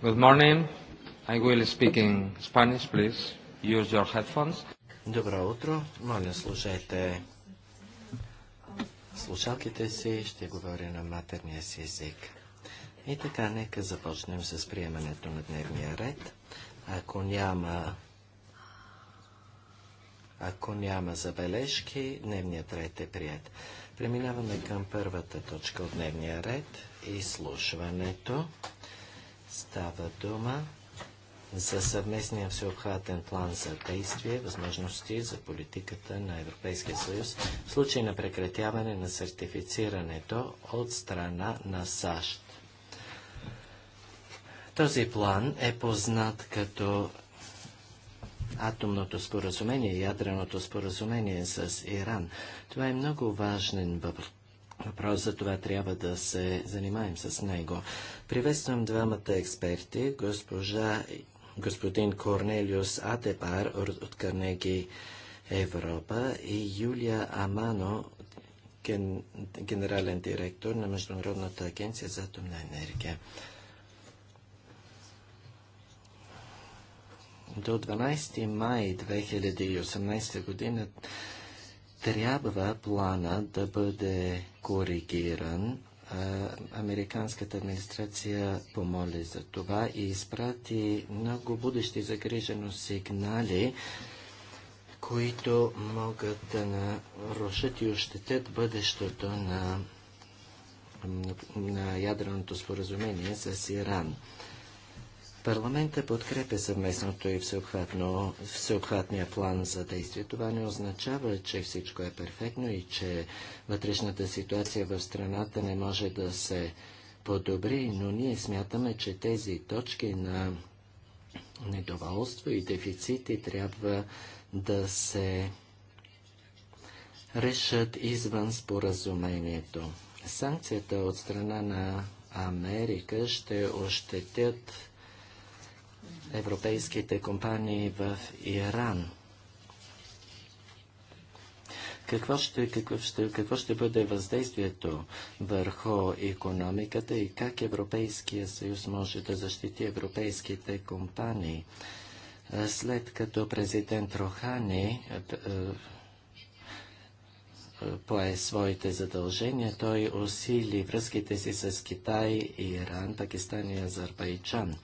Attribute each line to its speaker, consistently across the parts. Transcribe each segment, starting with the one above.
Speaker 1: Good morning. I will speak in Spanish, please. Use your headphones. Добро утро. Моля, слушайте слушалките си. Ще говоря на матерния си език. И така, нека започнем с приемането на дневния ред. Ако няма ако няма забележки, дневният ред е прият. Преминаваме към първата точка от дневния ред – изслушването Става дума за съвместния всеобхватен план за действие, възможности за политиката на Европейския съюз в случай на прекратяване на сертифицирането от страна на САЩ. Този план е познат като атомното споразумение, ядреното споразумение с Иран. Това е много важен въпрос, за това трябва да се занимаем с него. Приветствам двамата експерти, госпожа, господин Корнелиус Атепар от Карнеги Европа и Юлия Амано, ген, генерален директор на Международната агенция за атомна енергия. До 12 май 2018 година трябва плана да бъде коригиран. Американската администрация помоли за това и изпрати много будещи загрижено сигнали, които могат да нарушат и ощетят бъдещето на, на ядреното споразумение с Иран. Парламента подкрепя съвместното и всеобхватно, всеобхватния план за действие. Това не означава, че всичко е перфектно и че вътрешната ситуация в страната не може да се подобри, но ние смятаме, че тези точки на недоволство и дефицити трябва да се решат извън споразумението. Санкцията от страна на Америка ще ощетят европейските компании в Иран. Какво ще, какво, ще, какво ще бъде въздействието върху економиката и как Европейския съюз може да защити европейските компании? След като президент Рохани пое своите задължения, той усили връзките си с Китай, Иран, Пакистан и Азербайджан.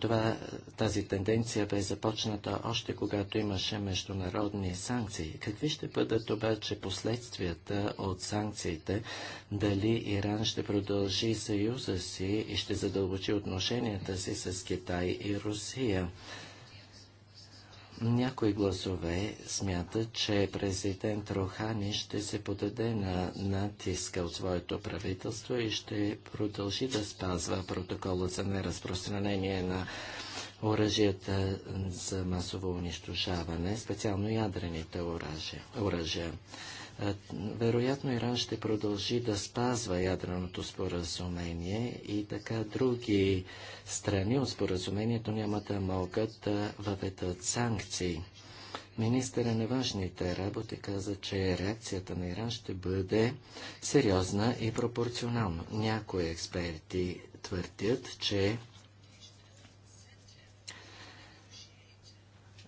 Speaker 1: Това, тази тенденция бе започната още когато имаше международни санкции. Какви ще бъдат обаче последствията от санкциите? Дали Иран ще продължи съюза си и ще задълбочи отношенията си с Китай и Русия? Някои гласове смятат, че президент Рохани ще се подаде на натиска от своето правителство и ще продължи да спазва протокола за неразпространение на оръжията за масово унищожаване, специално ядрените оръжия. Вероятно Иран ще продължи да спазва ядреното споразумение и така други страни от споразумението няма да могат да въведат санкции. Министъра на външните работи каза, че реакцията на Иран ще бъде сериозна и пропорционална. Някои експерти твърдят, че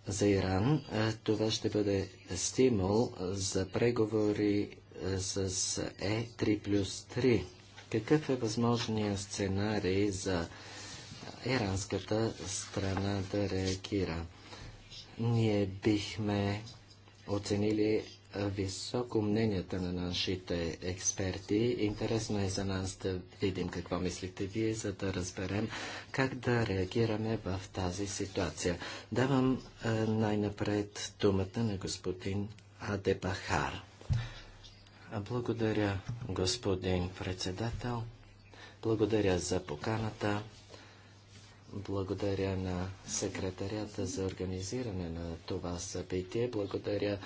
Speaker 1: за Иран. Е, това ще бъде стимул за преговори е, с Е3 плюс 3. Какъв е възможният сценарий за иранската страна да реагира? Ние бихме оценили високо мненията на нашите експерти. Интересно е за нас да видим какво мислите вие, за да разберем как да реагираме в тази ситуация. Давам е, най-напред думата на господин Адебахар. Благодаря, господин председател. Благодаря за поканата. Благодаря на секретарята за организиране на това събитие. Благодаря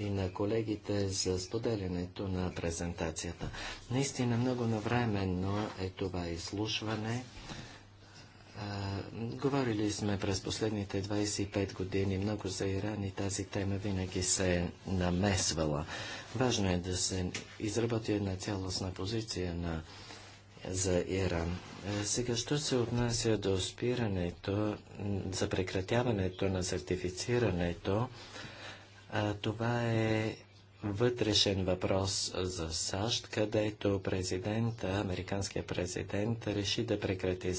Speaker 1: и на колегите за споделянето на презентацията. Наистина много навременно е това изслушване. говорили сме през последните 25 години много за Иран и тази тема винаги се е намесвала. Важно е да се изработи една цялостна позиция на, за Иран. сега, що се отнася до спирането, за прекратяването на сертифицирането, това е вътрешен въпрос за САЩ, където президента, американският президент, реши да прекрати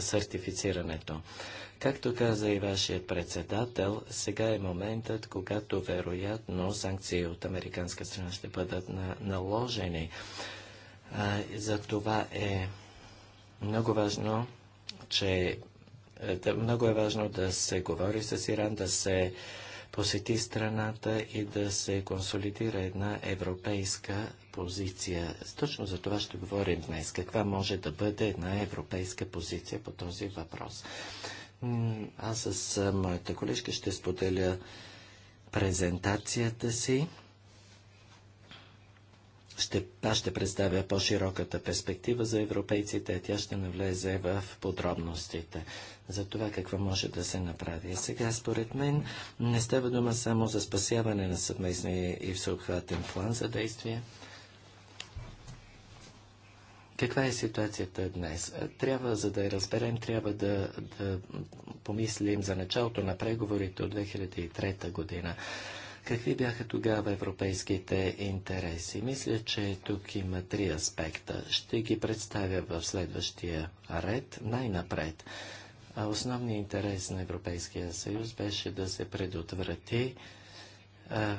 Speaker 1: сертифицирането. Както каза и вашият председател, сега е моментът, когато вероятно санкции от американска страна ще бъдат на наложени. А, за това е много важно, че е, да, много е важно да се говори с Иран, да се посети страната и да се консолидира една европейска позиция. Точно за това ще говорим днес. Каква може да бъде една европейска позиция по този въпрос? Аз с моята колежка ще споделя презентацията си ще, аз ще представя по-широката перспектива за европейците, а тя ще навлезе в подробностите за това какво може да се направи. Сега, според мен, не става дума само за спасяване на съвместния и всеобхватен план за действие. Каква е ситуацията днес? Трябва, за да я разберем, трябва да, да помислим за началото на преговорите от 2003 година. Какви бяха тогава европейските интереси? Мисля, че тук има три аспекта. Ще ги представя в следващия ред, най-напред. Основният интерес на Европейския съюз беше да се предотврати а,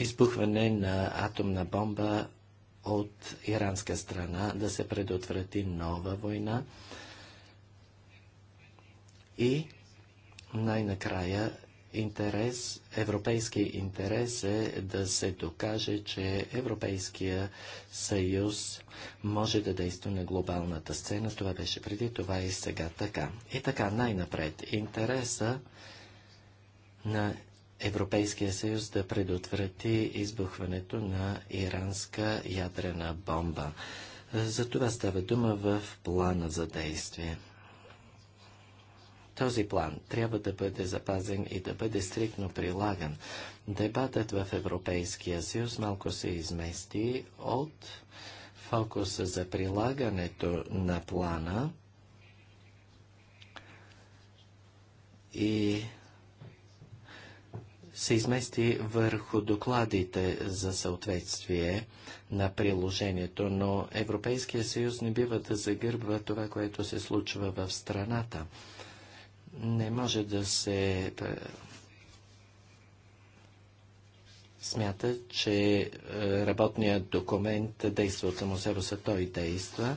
Speaker 1: избухване на атомна бомба от иранска страна, да се предотврати нова война и най-накрая интерес, европейски интерес е да се докаже, че Европейския съюз може да действа на глобалната сцена. Това беше преди, това е и сега така. И така, най-напред, интереса на Европейския съюз да предотврати избухването на иранска ядрена бомба. За това става дума в плана за действие. Този план трябва да бъде запазен и да бъде стрикно прилаган. Дебатът в Европейския съюз малко се измести от фокуса за прилагането на плана и се измести върху докладите за съответствие на приложението, но Европейския съюз не бива да загърбва това, което се случва в страната не може да се смята, че е, работният документ действа от само себе си, той действа,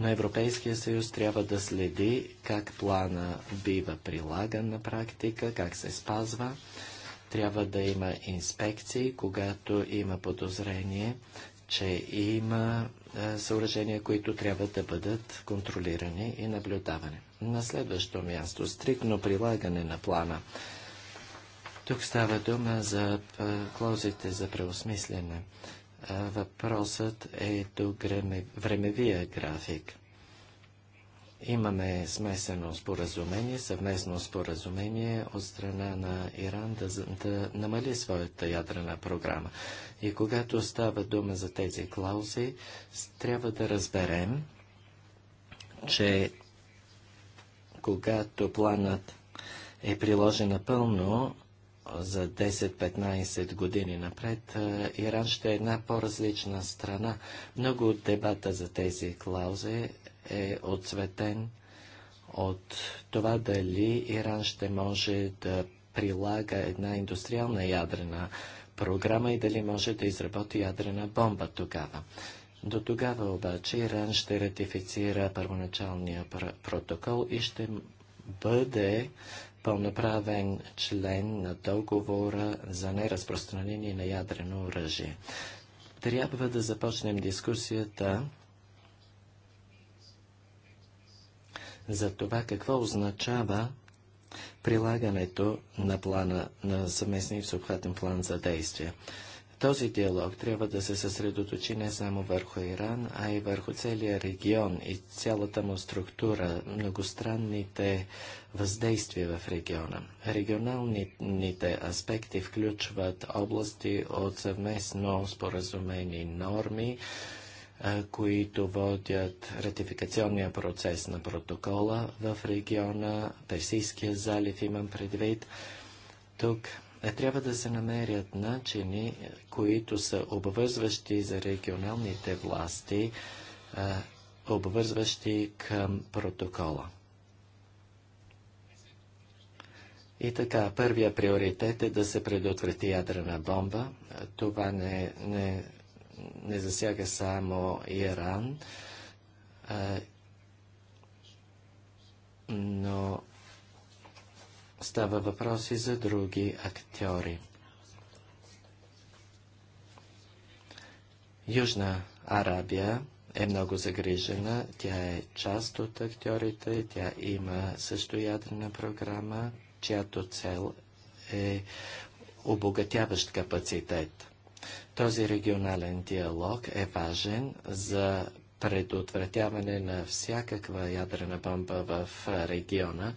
Speaker 1: но Европейския съюз трябва да следи как плана бива прилаган на практика, как се спазва. Трябва да има инспекции, когато има подозрение, че има е, съоръжения, които трябва да бъдат контролирани и наблюдавани. На следващо място, стриктно прилагане на плана. Тук става дума за е, клозите за преосмислене. Е, въпросът е до времевия график. Имаме смесено споразумение, съвместно споразумение от страна на Иран да, да намали своята ядрена програма. И когато става дума за тези клаузи, трябва да разберем, че когато планът е приложен напълно за 10-15 години напред, Иран ще е една по-различна страна. Много от дебата за тези клаузи е отсветен от това дали Иран ще може да прилага една индустриална ядрена програма и дали може да изработи ядрена бомба тогава. До тогава обаче Иран ще ратифицира първоначалния пр протокол и ще бъде пълноправен член на договора за неразпространение на ядрено оръжие. Трябва да започнем дискусията за това какво означава прилагането на плана, на съвместния всеобхватен план за действие. Този диалог трябва да се съсредоточи не само върху Иран, а и върху целия регион и цялата му структура, многостранните въздействия в региона. Регионалните аспекти включват области от съвместно споразумени норми, които водят ратификационния процес на протокола в региона, Персийския залив имам предвид. Тук трябва да се намерят начини, които са обвързващи за регионалните власти, обвързващи към протокола. И така, първия приоритет е да се предотврати ядрена бомба. Това не, не не засяга само Иран, а, но става въпроси за други актьори. Южна Арабия е много загрижена. Тя е част от актьорите. Тя има също ядрена програма, чиято цел е обогатяващ капацитет. Този регионален диалог е важен за предотвратяване на всякаква ядрена бомба в региона.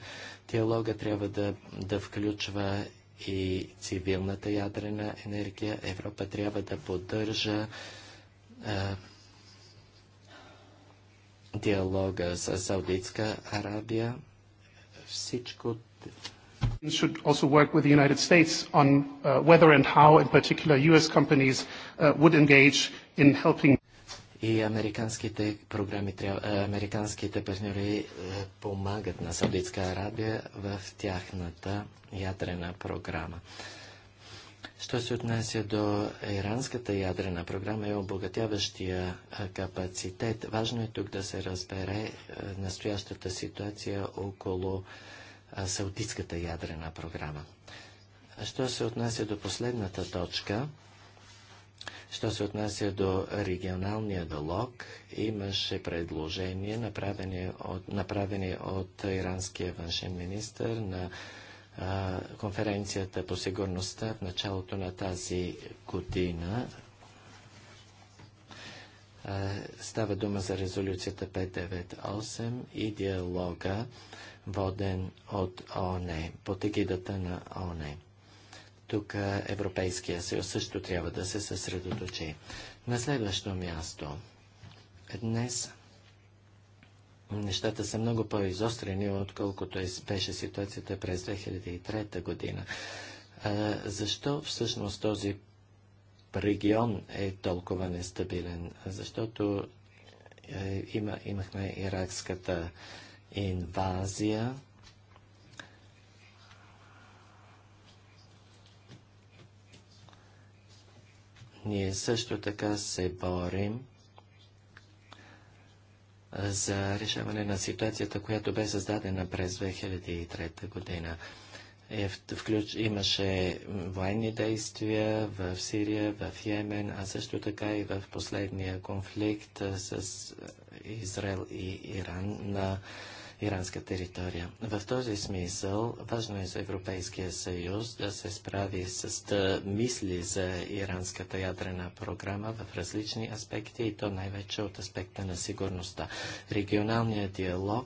Speaker 1: Диалога трябва да, да включва и цивилната ядрена енергия. Европа трябва да поддържа е, диалога с Саудитска Арабия. Всичко should
Speaker 2: also work with the United States on uh, whether and how, in particular, U.S. companies uh,
Speaker 1: would engage in helping. И американските програми, е, американските партньори е, помагат на Саудитска Арабия в тяхната ядрена програма. Що се отнася до иранската ядрена програма и обогатяващия е, капацитет, важно е тук да се разбере настоящата ситуация около Саудитската ядрена програма. Що се отнася до последната точка, що се отнася до регионалния долог, имаше предложение, направени от, от иранския външен министр на а, конференцията по сигурността в началото на тази година. А, става дума за резолюцията 598 и диалога воден от ООН, под егидата на ООН. Тук Европейския съюз също трябва да се съсредоточи. На следващо място. Днес нещата са много по-изострени, отколкото беше ситуацията през 2003 година. А, защо всъщност този регион е толкова нестабилен? Защото е, има, имахме иракската инвазия. Ние също така се борим за решаване на ситуацията, която бе създадена през 2003 година. Е, включ, имаше военни действия в Сирия, в Йемен, а също така и в последния конфликт с Израел и Иран на иранска територия. В този смисъл важно е за Европейския съюз да се справи с да мисли за иранската ядрена програма в различни аспекти и то най-вече от аспекта на сигурността. Регионалният диалог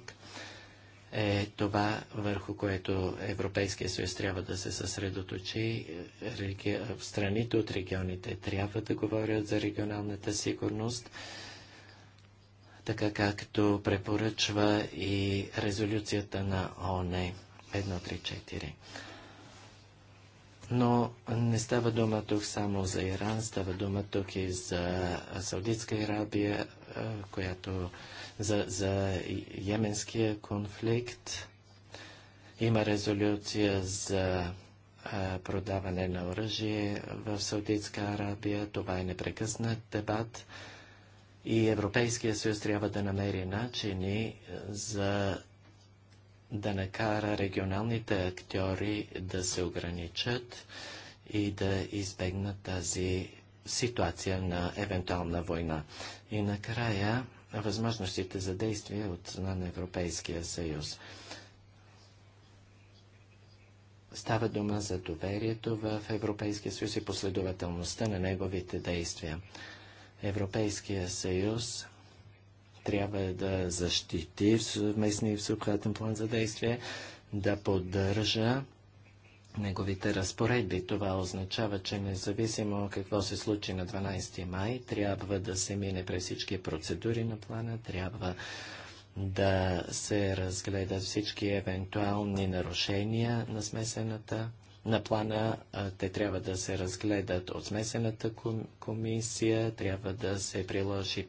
Speaker 1: е това, върху което Европейския съюз трябва да се съсредоточи. Реги... Страните от регионите трябва да говорят за регионалната сигурност така както препоръчва и резолюцията на ООН 134. Но не става дума тук само за Иран, става дума тук и за Саудитска Арабия, която за, за йеменския конфликт. Има резолюция за продаване на оръжие в Саудитска Арабия. Това е непрекъснат дебат. И Европейския съюз трябва да намери начини е, за да накара регионалните актьори да се ограничат и да избегнат тази ситуация на евентуална война. И накрая възможностите за действие от страна на Европейския съюз. Става дума за доверието в Европейския съюз и последователността на неговите действия. Европейския съюз трябва да защити съвместния всеобхватен план за действие, да поддържа неговите разпоредби. Това означава, че независимо какво се случи на 12 май, трябва да се мине през всички процедури на плана, трябва да се разгледат всички евентуални нарушения на смесената на плана. Те трябва да се разгледат от смесената комисия, трябва да се приложи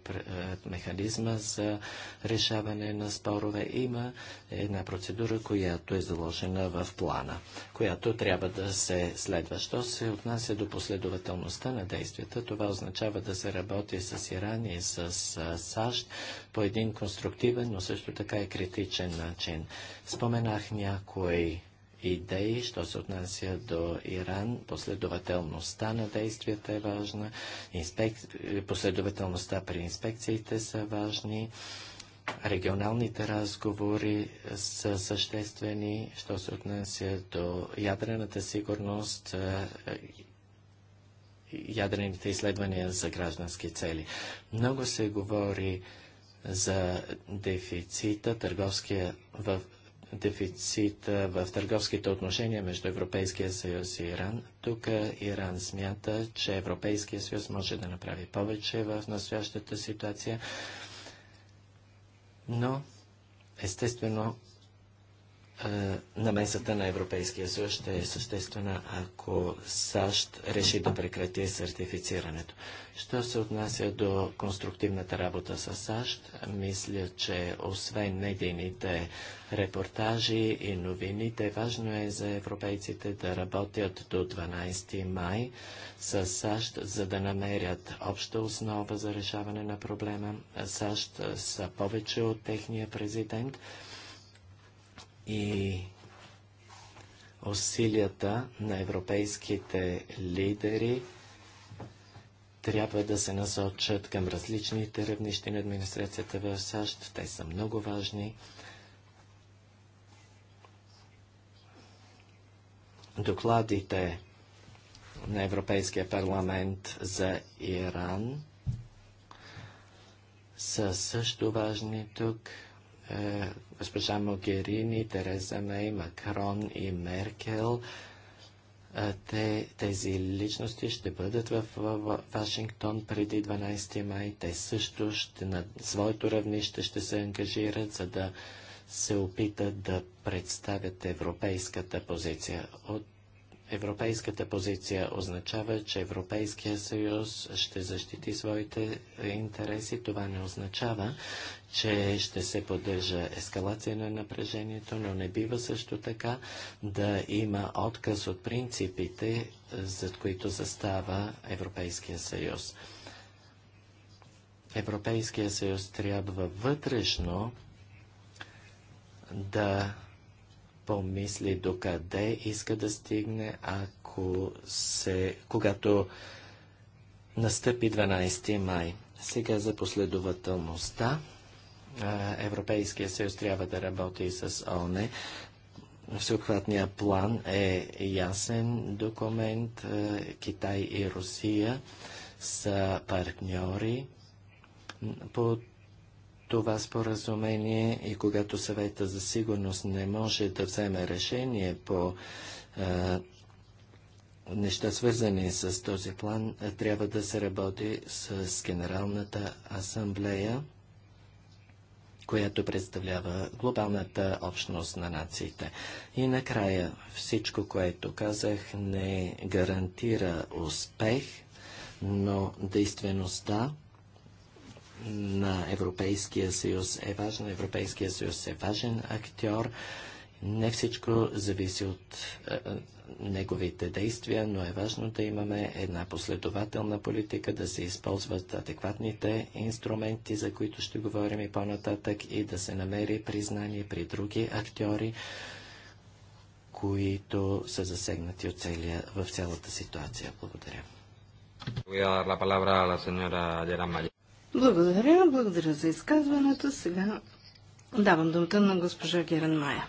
Speaker 1: механизма за решаване на спорове. Има една процедура, която е заложена в плана, която трябва да се следва. Що се отнася до последователността на действията, това означава да се работи с Иран и с САЩ по един конструктивен, но също така и критичен начин. Споменах някои идеи, що се отнася до Иран. Последователността на действията е важна, Инспек... последователността при инспекциите са важни, регионалните разговори са съществени, що се отнася до ядрената сигурност, е, е, ядрените изследвания за граждански цели. Много се говори за дефицита, търговския в дефицита в търговските отношения между Европейския съюз и Иран. Тук Иран смята, че Европейския съюз може да направи повече в настоящата ситуация, но естествено на месата на Европейския съюз ще е съществена, ако САЩ реши да прекрати сертифицирането. Що се отнася до конструктивната работа с САЩ, мисля, че освен медийните репортажи и новините, важно е за европейците да работят до 12 май с САЩ, за да намерят обща основа за решаване на проблема. САЩ са повече от техния президент и усилията на европейските лидери трябва да се насочат към различните равнищи на администрацията в САЩ. Те са много важни. Докладите на Европейския парламент за Иран са също важни тук е, госпожа Могерини, Тереза Мей, Макрон и Меркел. Е, те, тези личности ще бъдат в, в, в Вашингтон преди 12 май. Те също ще, на своето равнище ще се ангажират, за да се опитат да представят европейската позиция. От Европейската позиция означава, че Европейския съюз ще защити своите интереси. Това не означава, че ще се поддържа ескалация на напрежението, но не бива също така да има отказ от принципите, за които застава Европейския съюз. Европейския съюз трябва вътрешно да помисли докъде иска да стигне, ако се, когато настъпи 12 май. Сега за последователността. Европейския съюз трябва да работи с ОНЕ. Всеобхватният план е ясен документ. Китай и Русия са партньори по това споразумение и когато съвета за сигурност не може да вземе решение по а, неща свързани с този план, трябва да се работи с, с Генералната асамблея, която представлява глобалната общност на нациите. И накрая всичко, което казах, не гарантира успех, но действеността на Европейския съюз е важна. Европейския съюз е важен актьор. Не всичко зависи от е, е, неговите действия, но е важно да имаме една последователна политика, да се използват адекватните инструменти, за които ще говорим и по-нататък, и да се намери признание при други актьори, които са засегнати от целия, в цялата ситуация. Благодаря.
Speaker 2: Благодаря, благодаря за изказването. Сега давам думата на госпожа Герен Майя.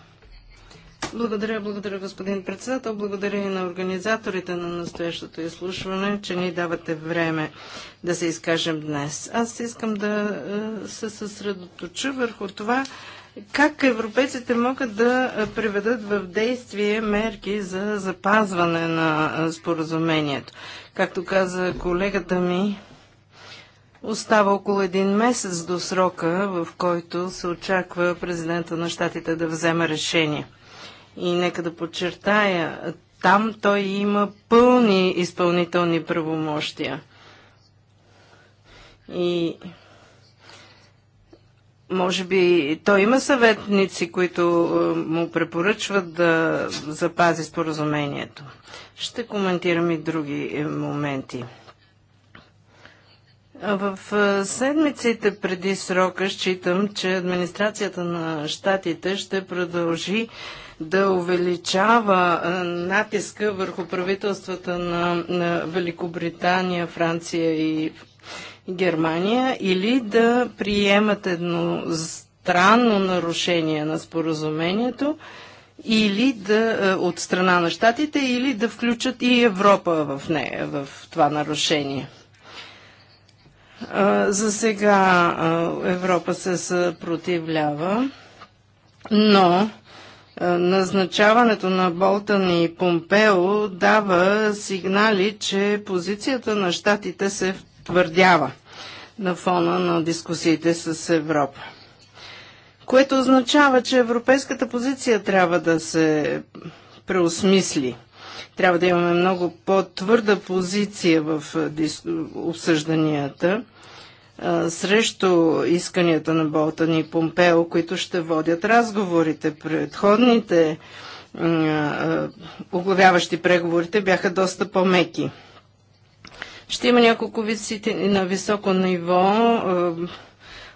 Speaker 2: Благодаря, благодаря господин председател, благодаря и на организаторите на настоящото изслушване, че ни давате време да се изкажем днес. Аз искам да е, се съсредоточа върху това, как европейците могат да приведат в действие мерки за запазване на е, споразумението. Както каза колегата ми, Остава около един месец до срока, в който се очаква президента на щатите да вземе решение. И нека да подчертая, там той има пълни изпълнителни правомощия. И може би той има съветници, които е, му препоръчват да запази споразумението. Ще коментирам и други е, моменти. В седмиците преди срока считам, че администрацията на щатите ще продължи да увеличава натиска върху правителствата на, Великобритания, Франция и Германия или да приемат едно странно нарушение на споразумението или да, от страна на щатите или да включат и Европа в нея, в това нарушение. За сега Европа се съпротивлява, но назначаването на Болтън и Помпео дава сигнали, че позицията на щатите се твърдява на фона на дискусиите с Европа. Което означава, че европейската позиция трябва да се преосмисли. Трябва да имаме много по-твърда позиция в обсъжданията срещу исканията на Болтън и Помпео, които ще водят разговорите. Предходните оглавяващи преговорите бяха доста по-меки. Ще има няколко визити на високо ниво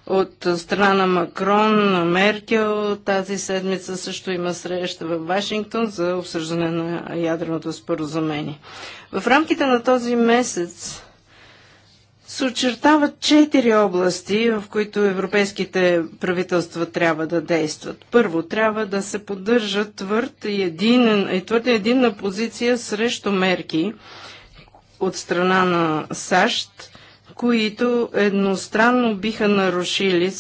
Speaker 2: от страна на Макрон, на Меркел. Тази седмица също има среща в Вашингтон за обсъждане на ядреното споразумение. В рамките на този месец се очертават четири области, в които европейските правителства трябва да действат. Първо, трябва да се поддържа твърд и, един, и твърд и единна позиция срещу мерки от страна на САЩ, които едностранно биха нарушили е,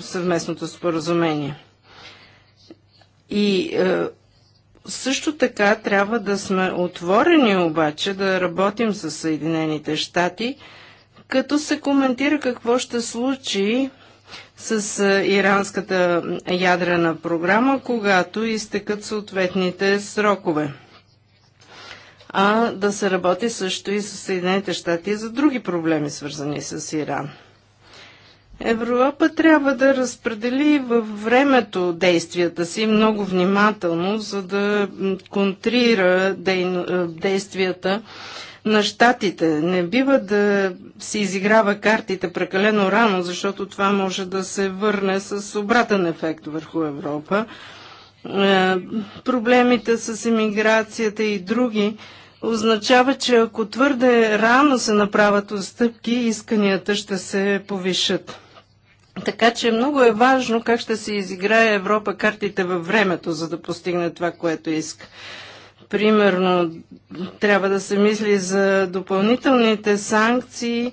Speaker 2: съвместното споразумение. И е, също така трябва да сме отворени обаче да работим с Съединените щати, като се коментира какво ще случи с е, иранската ядрена програма, когато изтекат съответните срокове а да се работи също и с Съединените щати за други проблеми, свързани с Иран. Европа трябва да разпредели във времето действията си много внимателно, за да контрира е, действията на щатите. Не бива да се изиграва картите прекалено рано, защото това може да се върне с обратен ефект върху Европа. Е, проблемите с иммиграцията и други означава, че ако твърде рано се направят отстъпки, исканията ще се повишат. Така че много е важно как ще се изиграе Европа картите във времето, за да постигне това, което иска. Примерно, трябва да се мисли за допълнителните санкции,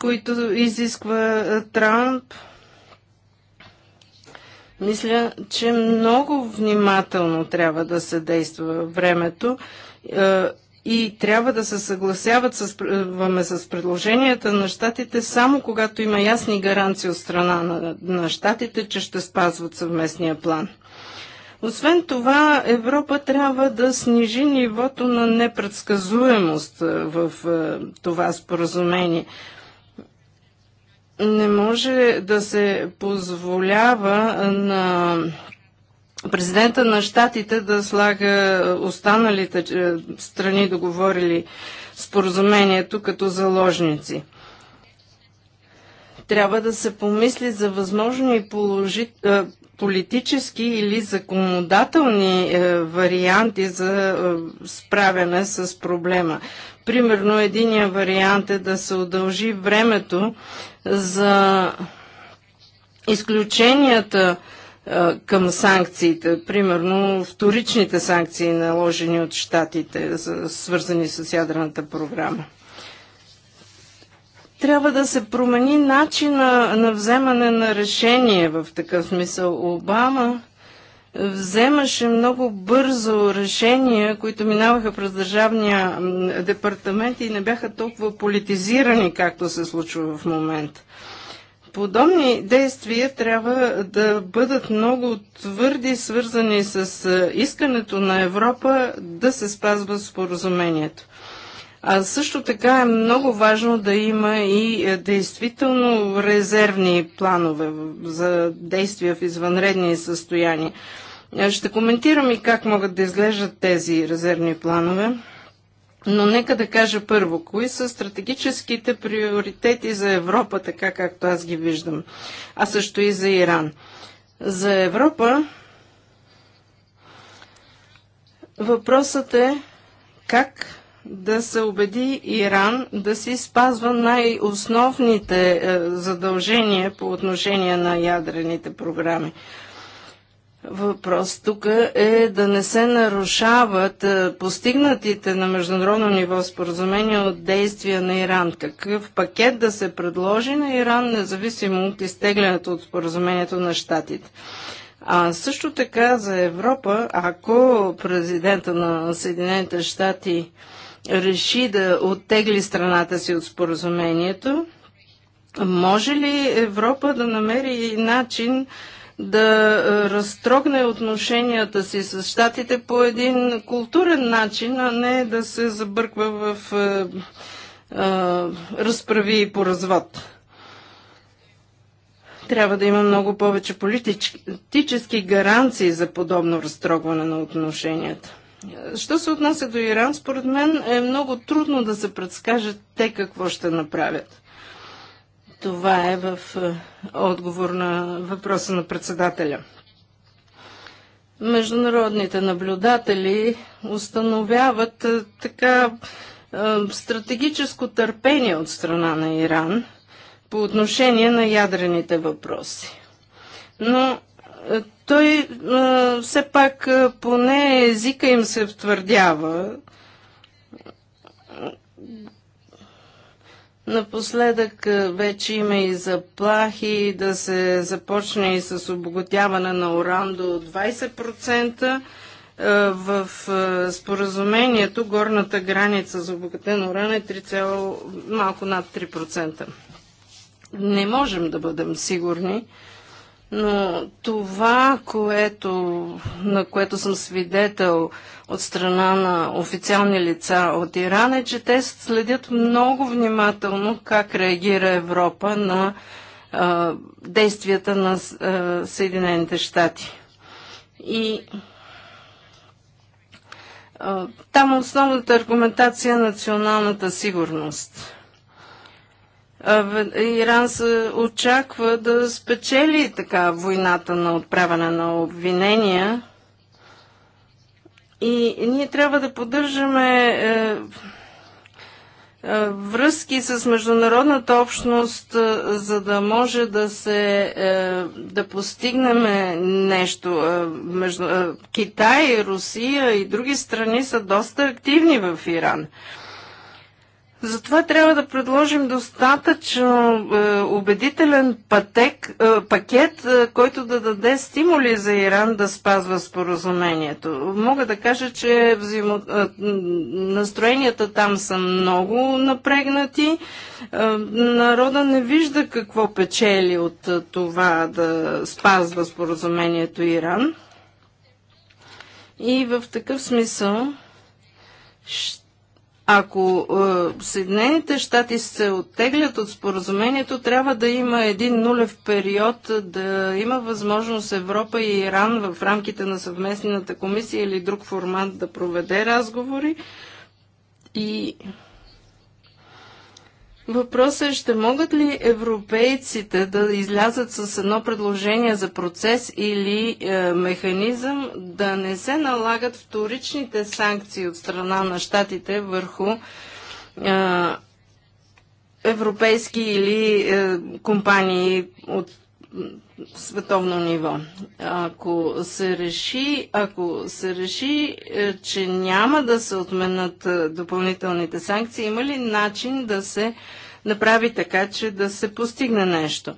Speaker 2: които изисква Трамп. Мисля, че много внимателно трябва да се действа във времето и трябва да се съгласяват с, с предложенията на щатите само когато има ясни гаранции от страна на, на щатите, че ще спазват съвместния план. Освен това, Европа трябва да снижи нивото на непредсказуемост е, в е, това споразумение. Не може да се позволява е, на президента на щатите да слага е, останалите е, страни договорили споразумението като заложници. Трябва да се помисли за възможни положи, е, политически или законодателни варианти за справяне с проблема. Примерно, единия вариант е да се удължи времето за изключенията към санкциите, примерно вторичните санкции, наложени от щатите, свързани с ядрената програма. Трябва да се промени начина на вземане на решение в такъв смисъл. Обама вземаше много бързо решения, които минаваха през Държавния департамент и не бяха толкова политизирани, както се случва в момента подобни действия трябва да бъдат много твърди, свързани с искането на Европа да се спазва споразумението. А също така е много важно да има и действително резервни планове за действия в извънредни състояния. Ще коментирам и как могат да изглеждат тези резервни планове. Но нека да кажа първо, кои са стратегическите приоритети за Европа, така както аз ги виждам, а също и за Иран. За Европа въпросът е как да се убеди Иран да си спазва най-основните е, задължения по отношение на ядрените програми. Въпрос тук е да не се нарушават е, постигнатите на международно ниво споразумения от действия на Иран. Какъв пакет да се предложи на Иран, независимо от изтеглянето от споразумението на щатите? А също така за Европа, ако президента на Съединените щати реши да оттегли страната си от споразумението, може ли Европа да намери начин да е, разтрогне отношенията си с щатите по един културен начин, а не да се забърква в е, е, разправи и по развод. Трябва да има много повече политически гаранции за подобно разтрогване на отношенията. Що се отнася до Иран, според мен е много трудно да се предскаже те какво ще направят. Това е в е, отговор на въпроса на председателя. Международните наблюдатели установяват е, така е, стратегическо търпение от страна на Иран по отношение на ядрените въпроси. Но той все пак поне езика им се втвърдява. Напоследък вече има и заплахи да се започне и с обогатяване на уран до 20%. В споразумението горната граница за обогатен уран е 3, малко над 3%. Не можем да бъдем сигурни, но това, което, на което съм свидетел от страна на официални лица от Иран е, че те следят много внимателно как реагира Европа на а, действията на а, Съединените щати. И а, там основната аргументация е националната сигурност. Иран се очаква да спечели така войната на отправяне на обвинения. И ние трябва да поддържаме е, е, връзки с международната общност, е, за да може да се да постигнем нещо. Между, Китай, Русия и други страни са доста активни в Иран. Затова трябва да предложим достатъчно е, убедителен пътек, е, пакет, е, който да даде стимули за Иран да спазва споразумението. Мога да кажа, че взаимо... е, настроенията там са много напрегнати. Е, народа не вижда какво печели от е, това да спазва споразумението Иран. И в такъв смисъл ще ако е, Съединените щати се оттеглят от споразумението, трябва да има един нулев период, да има възможност Европа и Иран в рамките на съвместната комисия или друг формат да проведе разговори и Въпросът е, ще могат ли европейците да излязат с едно предложение за процес или е, механизъм да не се налагат вторичните санкции от страна на щатите върху е, европейски или е, компании от световно ниво. Ако се реши, ако се реши, е, че няма да се отменят е, допълнителните санкции, има ли начин да се направи така, че да се постигне нещо?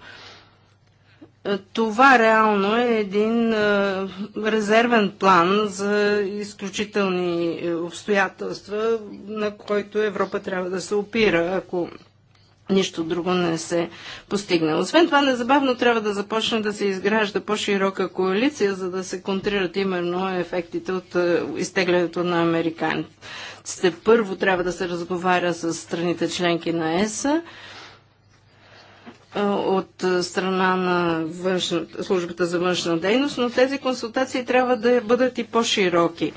Speaker 2: Е, това реално е един резервен план за изключителни обстоятелства, на който Европа трябва да се опира, ако нищо друго не се постигне. Освен това, незабавно трябва да започне да се изгражда по-широка коалиция, за да се контрират именно ефектите от е, изтеглянето на американците. Първо трябва да се разговаря с страните членки на ЕСА, е, от страна на външна, службата за външна дейност, но тези консултации трябва да бъдат и по-широки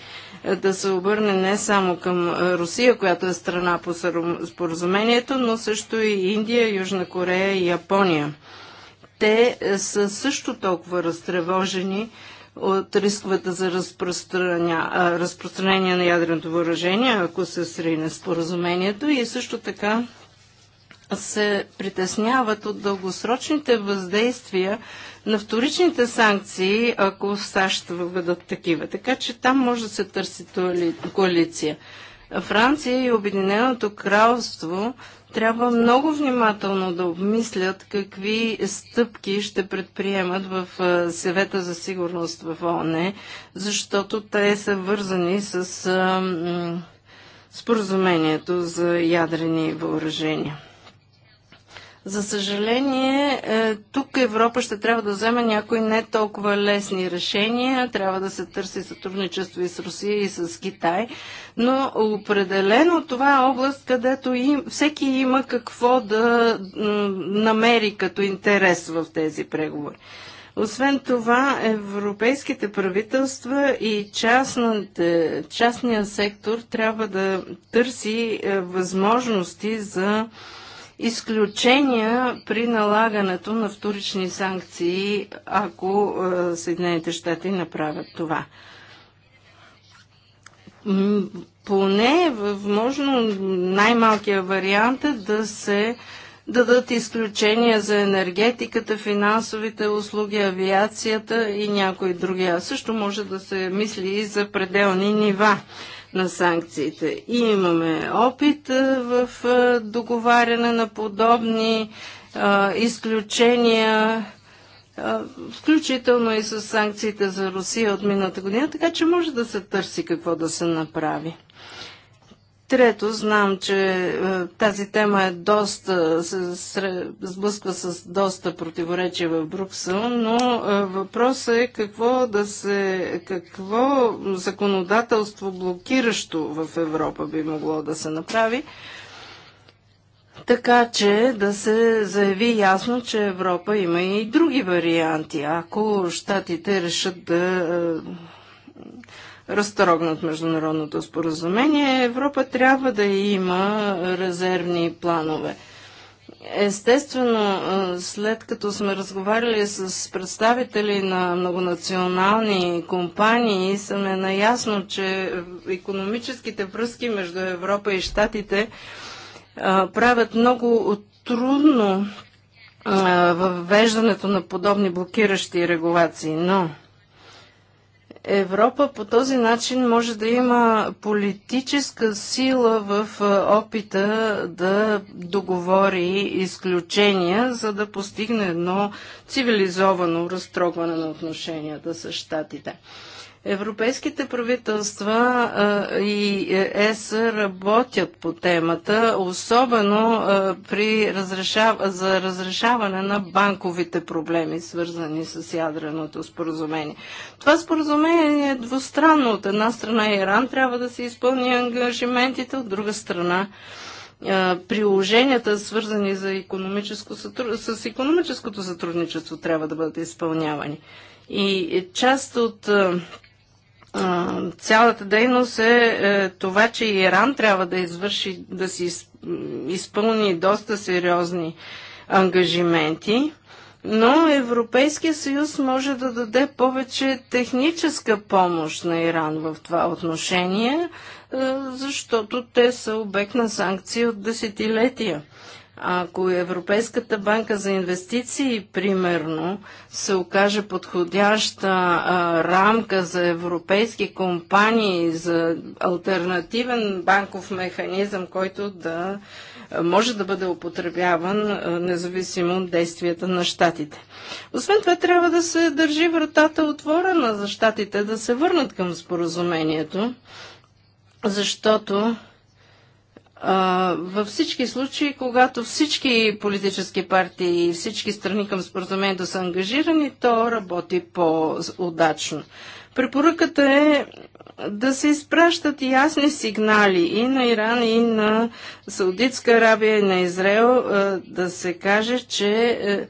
Speaker 2: да се обърне не само към е, Русия, която е страна по споразумението, но също и Индия, Южна Корея и Япония. Те е, са също толкова разтревожени от рисковете за е, разпространение на ядреното въоръжение, ако се срине споразумението и също така се притесняват от дългосрочните въздействия на вторичните санкции, ако САЩ въведат такива. Така че там може да се търси коалиция. Франция и Обединеното кралство трябва много внимателно да обмислят какви стъпки ще предприемат в съвета за сигурност в ООН, защото те са вързани с споразумението за ядрени въоръжения. За съжаление, е, тук Европа ще трябва да вземе някои не толкова лесни решения. Трябва да се търси сътрудничество и с Русия, и с Китай. Но определено това е област, където им, всеки има какво да намери като интерес в тези преговори. Освен това, европейските правителства и частната, частния сектор трябва да търси е, възможности за изключения при налагането на вторични санкции, ако е, Съединените щати направят това. Поне възможно най-малкия вариант е да се дадат изключения за енергетиката, финансовите услуги, авиацията и някои други. А също може да се мисли и за пределни нива на санкциите. И имаме опит в договаряне на подобни а, изключения, а, включително и с санкциите за Русия от миналата година, така че може да се търси какво да се направи. Трето, знам, че е, тази тема е доста, се сблъсква с доста противоречия в Бруксел, но е, въпросът е какво да се, какво законодателство блокиращо в Европа би могло да се направи, така че да се заяви ясно, че Европа има и други варианти. Ако щатите решат да е, разтрогнат международното споразумение. Европа трябва да има резервни планове. Естествено, след като сме разговаряли с представители на многонационални компании, съм е наясно, че економическите връзки между Европа и Штатите правят много трудно а, въвеждането на подобни блокиращи регулации. Но Европа по този начин може да има политическа сила в е, опита да договори изключения, за да постигне едно цивилизовано разтрогване на отношенията с щатите. Европейските правителства и ЕС работят по темата, особено при разрешав... за разрешаване на банковите проблеми, свързани с ядреното споразумение. Това споразумение е двустранно. От една страна Иран трябва да се изпълни ангажиментите, от друга страна приложенията, свързани за економическо сътру... с економическото сътрудничество, трябва да бъдат изпълнявани. И част от цялата дейност е, е, това, че Иран трябва да извърши, да си изпълни доста сериозни ангажименти, но Европейския съюз може да даде повече техническа помощ на Иран в това отношение, е, защото те са обект на санкции от десетилетия. Ако Европейската банка за инвестиции, примерно, се окаже подходяща а, рамка за европейски компании, за альтернативен банков механизъм, който да може да бъде употребяван независимо от действията на щатите. Освен това, трябва да се държи вратата отворена за щатите да се върнат към споразумението, защото във всички случаи, когато всички политически партии и всички страни към споразумението са ангажирани, то работи по-удачно. Препоръката е да се изпращат ясни сигнали и на Иран, и на Саудитска Арабия, и на Израел, да се каже, че е,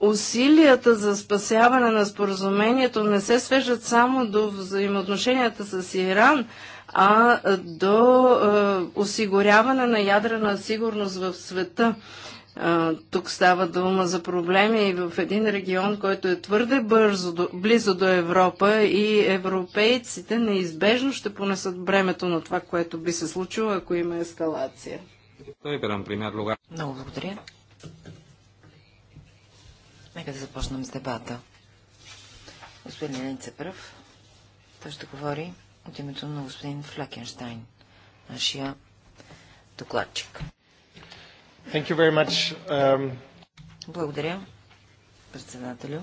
Speaker 2: усилията за спасяване на споразумението не се свежат само до взаимоотношенията с Иран, а до а, осигуряване на ядрена сигурност в света. А, тук става дума за проблеми и в един регион, който е твърде бързо, до, близо до Европа и европейците неизбежно ще понесат бремето на това, което би се случило, ако има ескалация.
Speaker 1: Много
Speaker 3: благодаря. Нека
Speaker 2: да започнем с дебата.
Speaker 3: Господин Ленец пръв. Той ще говори от името на господин Флекенштайн, нашия докладчик. Thank you very much. Um... Благодаря, председателю.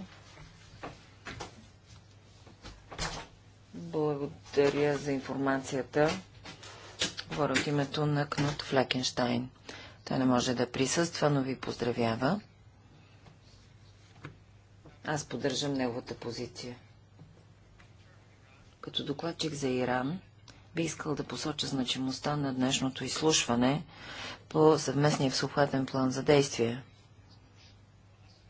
Speaker 3: Благодаря за информацията. Говоря от името на Кнут Флекенштайн. Той не може да присъства, но ви поздравява. Аз поддържам неговата позиция. Като докладчик за Иран, би искал да посоча значимостта на днешното изслушване по съвместния всеобхватен план за действие.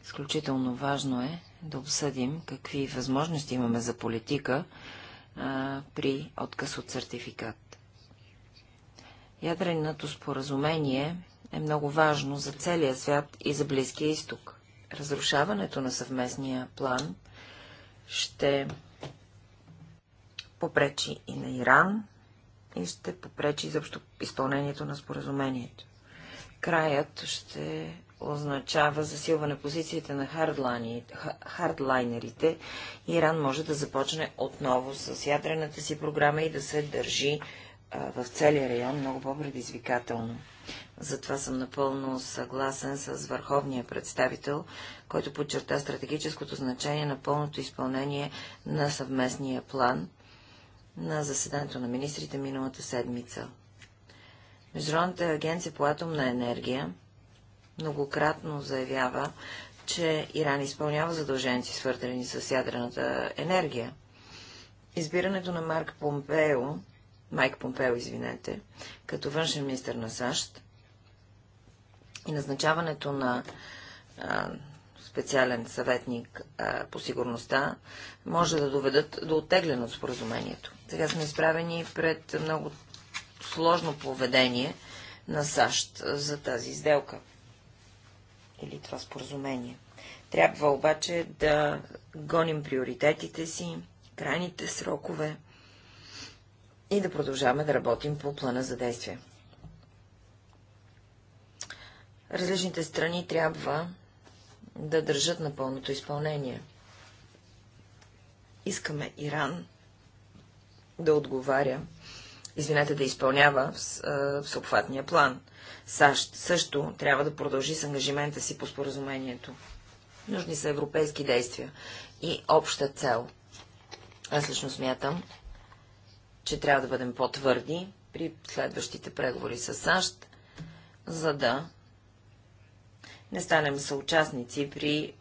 Speaker 3: Изключително важно е да обсъдим какви възможности имаме за политика а, при отказ от сертификат. Ядреното споразумение е много важно за целия свят и за Близкия изток. Разрушаването на съвместния план ще попречи и на Иран и ще попречи изобщо изпълнението на споразумението. Краят ще означава засилване позициите на хардлайнерите. Иран може да започне отново с ядрената си програма и да се държи в целия район много по-предизвикателно. Затова съм напълно съгласен с върховния представител, който подчерта стратегическото значение на пълното изпълнение на съвместния план на заседанието на министрите миналата седмица. Международната агенция по атомна енергия многократно заявява, че Иран изпълнява задълженци, свързани с ядрената енергия. Избирането на Марк Помпео, Майк Помпео, извинете, като външен министр на САЩ и назначаването на а, специален съветник а, по сигурността, може да доведат до оттегляно от споразумението. Сега сме изправени пред много сложно поведение на САЩ за тази сделка или това споразумение. Трябва обаче да гоним приоритетите си, крайните срокове и да продължаваме да работим по плана за действие. Различните страни трябва да държат на пълното изпълнение. Искаме Иран да отговаря, извинете, да изпълнява всеобхватния план. САЩ също трябва да продължи с ангажимента си по споразумението. Нужни са европейски действия и обща цел. Аз лично смятам, че трябва да бъдем по-твърди при следващите преговори с САЩ, за да не станем съучастници при е,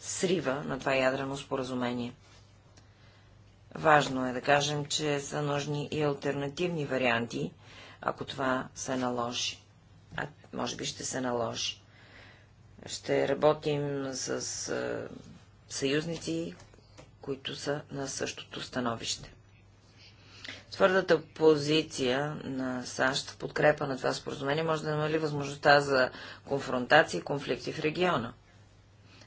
Speaker 3: срива на това ядрено споразумение. Важно е да кажем, че са нужни и альтернативни варианти, ако това се наложи. А може би ще се наложи. Ще работим с е, съюзници, които са на същото становище. Твърдата позиция на САЩ в подкрепа на това споразумение може да намали възможността за конфронтации и конфликти в региона.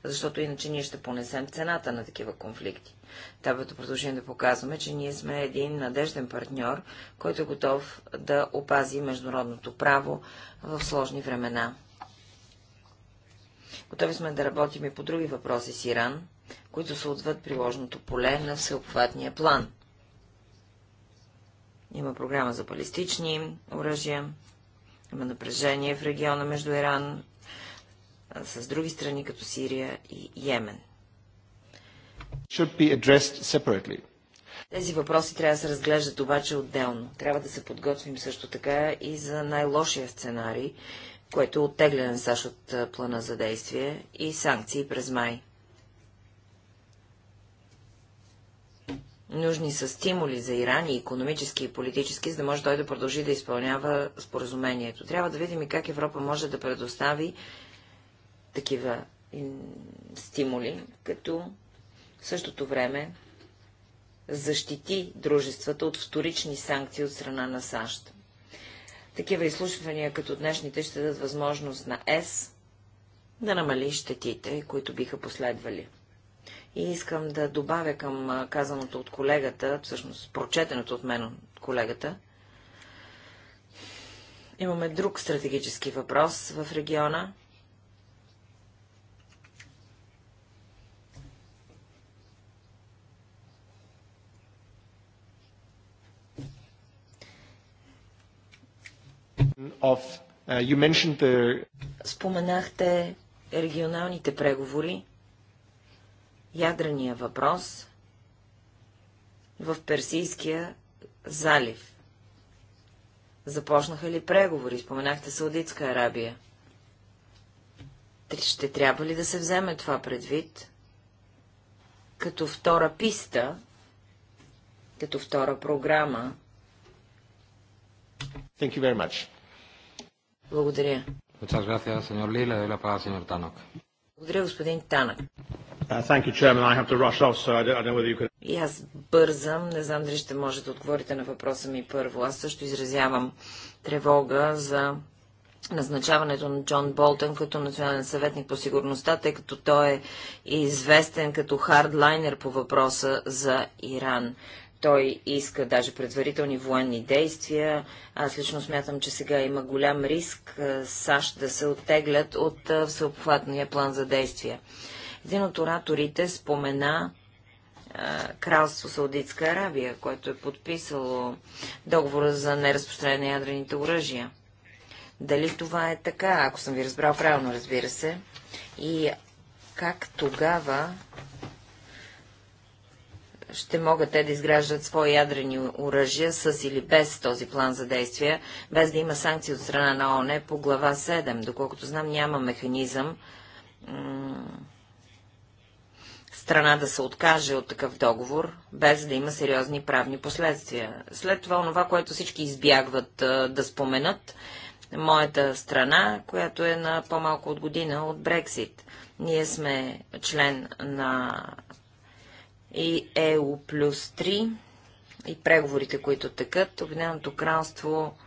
Speaker 3: Защото иначе ние ще понесем цената на такива конфликти. Трябва да продължим да показваме, че ние сме един надежден партньор, който е готов да опази международното право в сложни времена. Готови сме да работим и по други въпроси с Иран, които са отвъд приложното поле на всеобхватния план. Има програма за палистични оръжия, има напрежение в региона между Иран с други страни, като Сирия и Йемен. Тези въпроси трябва да се разглеждат обаче отделно. Трябва да се подготвим също така и за най-лошия сценарий, което е оттеглен САЩ от плана за действие и санкции през май. Нужни са стимули за Иран и економически и политически, за да може той да продължи да изпълнява споразумението. Трябва да видим и как Европа може да предостави такива стимули, като в същото време защити дружествата от вторични санкции от страна на САЩ. Такива изслушвания като днешните ще дадат възможност на ЕС да намали щетите, които биха последвали. И искам да добавя към казаното от колегата, всъщност прочетеното от мен от колегата. Имаме друг стратегически въпрос в региона.
Speaker 2: Of, uh, the...
Speaker 3: Споменахте регионалните преговори ядрения въпрос в Персийския залив? Започнаха ли преговори? Споменахте Саудитска Арабия. Ще трябва ли да се вземе това предвид? Като втора писта, като втора програма.
Speaker 2: Thank you very much. Благодаря. Muchas gracias, señor Doy la palabra señor Tanok.
Speaker 3: Благодаря, господин Танък.
Speaker 2: Uh, И
Speaker 3: аз бързам, не знам дали ще можете да отговорите на въпроса ми първо. Аз също изразявам тревога за назначаването на Джон Болтън като национален съветник по сигурността, тъй като той е известен като хардлайнер по въпроса за Иран. Той иска даже предварителни военни действия. Аз лично смятам, че сега има голям риск САЩ да се оттеглят от всеобхватния план за действия. Един от ораторите спомена Кралство Саудитска Аравия, което е подписало договора за неразпространение на ядрените оръжия. Дали това е така, ако съм ви разбрал правилно, разбира се, и как тогава ще могат те да изграждат свои ядрени оръжия с или без този план за действие, без да има санкции от страна на ОНЕ по глава 7. Доколкото знам, няма механизъм страна да се откаже от такъв договор, без да има сериозни правни последствия. След това, онова, което всички избягват да споменат, моята страна, която е на по-малко от година от Брексит. Ние сме член на и ЕУ плюс 3 и преговорите, които тъкат. Обединеното кралство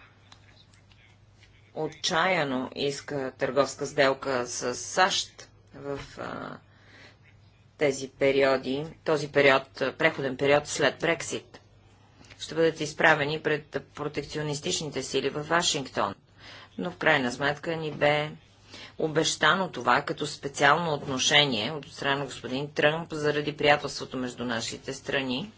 Speaker 3: отчаяно иска търговска сделка с САЩ в а, тези периоди, този период, преходен период след Брексит. Ще бъдете изправени пред протекционистичните сили в Вашингтон, но в крайна сметка ни бе обещано това като специално отношение от страна господин Тръмп заради приятелството между нашите страни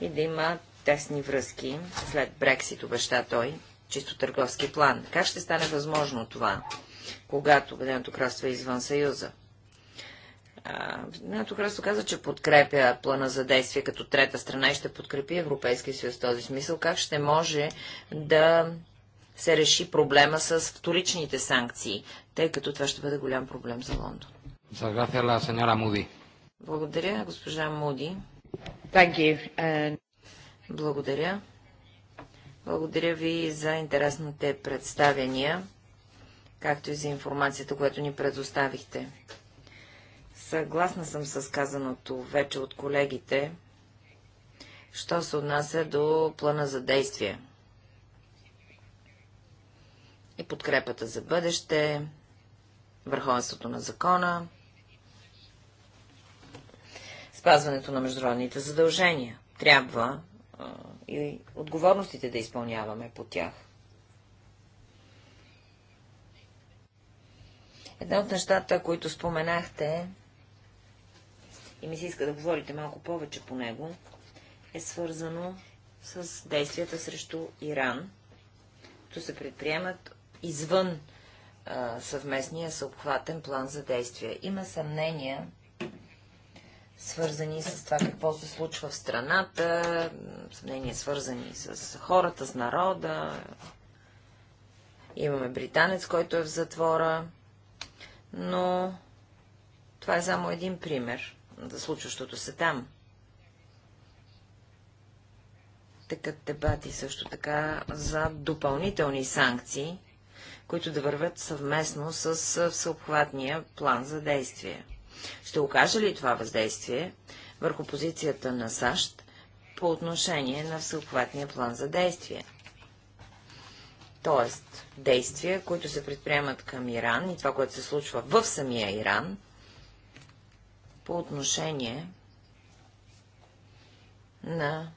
Speaker 3: и да има тесни връзки след Брексит, обеща той, чисто търговски план. Как ще стане възможно това, когато Обединеното кралство е извън Съюза? Нато кралство каза, че подкрепя плана за действие като трета страна и ще подкрепи Европейския съюз в този смисъл. Как ще може да се реши проблема с вторичните санкции, тъй като това ще бъде голям проблем за Лондон? Благодаря, госпожа Муди. Благодаря. Благодаря ви за интересните представения, както и за информацията, която ни предоставихте. Съгласна съм с казаното вече от колегите, що се отнася до плана за действие и подкрепата за бъдеще, върховенството на закона, спазването на международните задължения. Трябва и отговорностите да изпълняваме по тях. Една от нещата, които споменахте, и ми се иска да говорите малко повече по него, е свързано с действията срещу Иран, които се предприемат извън а, съвместния съобхватен план за действие. Има съмнения, свързани с това какво се случва в страната, съмнения свързани с хората, с народа. Имаме британец, който е в затвора, но това е само един пример за случващото се там. Текат дебати също така за допълнителни санкции, които да вървят съвместно с всеобхватния план за действие. Ще окаже ли това въздействие върху позицията на САЩ по отношение на всеобхватния план за действие? Тоест, действия, които се предприемат към Иран и това, което се случва в самия Иран, по отношение на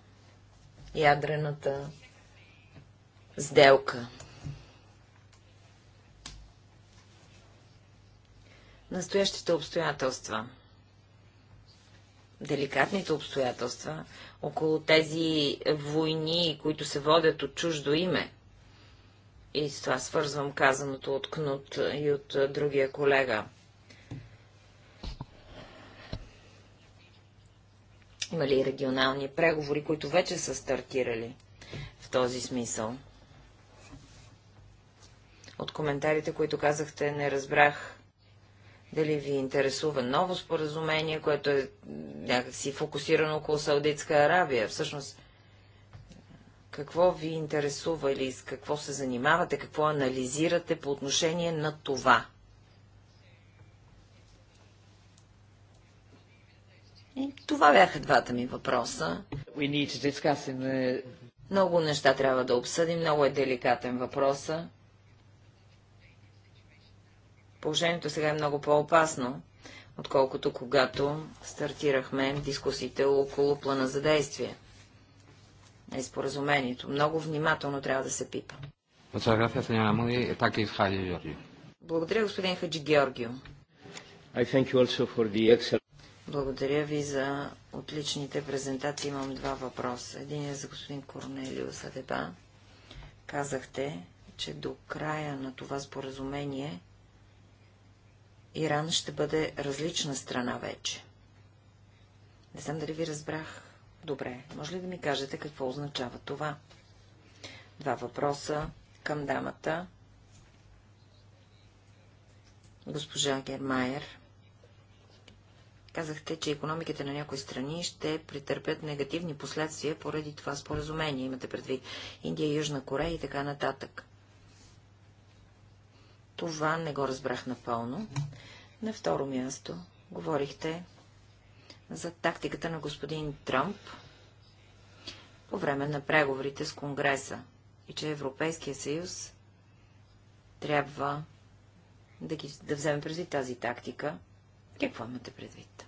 Speaker 3: ядрената сделка. Настоящите обстоятелства, деликатните обстоятелства около тези войни, които се водят от чуждо име, и с това свързвам казаното от Кнут и от другия колега – Има ли регионални преговори, които вече са стартирали в този смисъл? От коментарите, които казахте, не разбрах дали ви интересува ново споразумение, което е някакси фокусирано около Саудитска Арабия. Всъщност, какво ви интересува или с какво се занимавате, какво анализирате по отношение на това? това бяха двата ми въпроса. The... Много неща трябва да обсъдим, много е деликатен въпроса. Положението сега е много по-опасно, отколкото когато стартирахме дискусите около плана за действие. Е споразумението. Много внимателно трябва да се пипа. Благодаря, господин Хаджи Георгио.
Speaker 1: I thank you also for the excellent...
Speaker 3: Благодаря ви за отличните презентации. Имам два въпроса. Един е за господин Корнелио Садеба. Казахте, че до края на това споразумение Иран ще бъде различна страна вече. Не знам дали ви разбрах добре. Може ли да ми кажете какво означава това? Два въпроса към дамата. Госпожа Гермайер. Казахте, че економиките на някои страни ще претърпят негативни последствия поради това споразумение, имате предвид Индия, Южна Корея и така нататък. Това не го разбрах напълно. На второ място говорихте за тактиката на господин Трамп по време на преговорите с Конгреса и че Европейския съюз трябва да, ги, да вземе преди тази тактика какво имате предвид?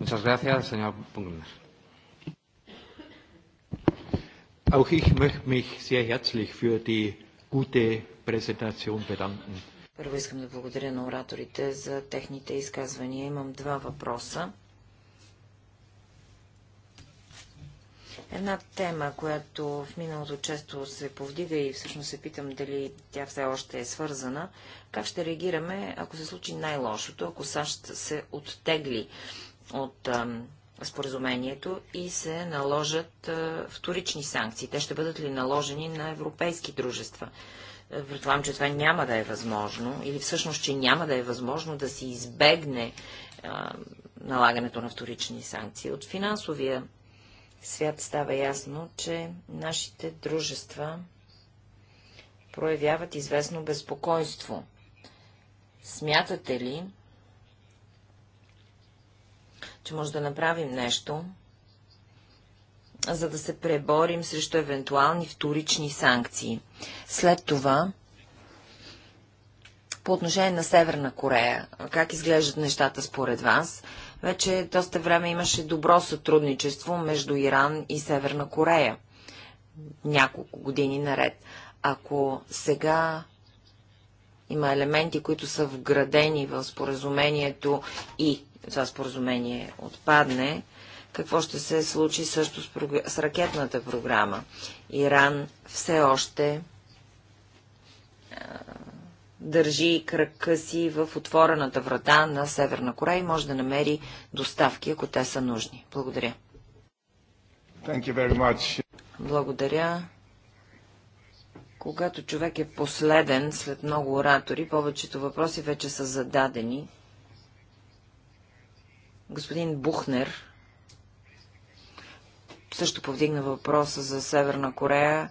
Speaker 1: Muchas gracias, señor Pungner. Auch ich möchte mich sehr herzlich für die gute Präsentation bedanken.
Speaker 3: Първо искам да благодаря на ораторите за техните изказвания. Имам два въпроса. Една тема, която в миналото често се повдига и всъщност се питам дали тя все още е свързана. Как ще реагираме, ако се случи най-лошото, ако САЩ се оттегли от ам, споразумението и се наложат а, вторични санкции? Те ще бъдат ли наложени на европейски дружества? Е, предполагам, че това няма да е възможно или всъщност, че няма да е възможно да се избегне а, налагането на вторични санкции. От финансовия свят става ясно, че нашите дружества проявяват известно безпокойство. Смятате ли, че може да направим нещо, за да се преборим срещу евентуални вторични санкции? След това, по отношение на Северна Корея, как изглеждат нещата според вас? Вече доста време имаше добро сътрудничество между Иран и Северна Корея. Няколко години наред. Ако сега има елементи, които са вградени в споразумението и това споразумение отпадне, какво ще се случи също с, прог... с ракетната програма. Иран все още държи кръка си в отворената врата на Северна Корея и може да намери доставки, ако те са нужни. Благодаря. Благодаря. Когато човек е последен след много оратори, повечето въпроси вече са зададени. Господин Бухнер също повдигна въпроса за Северна Корея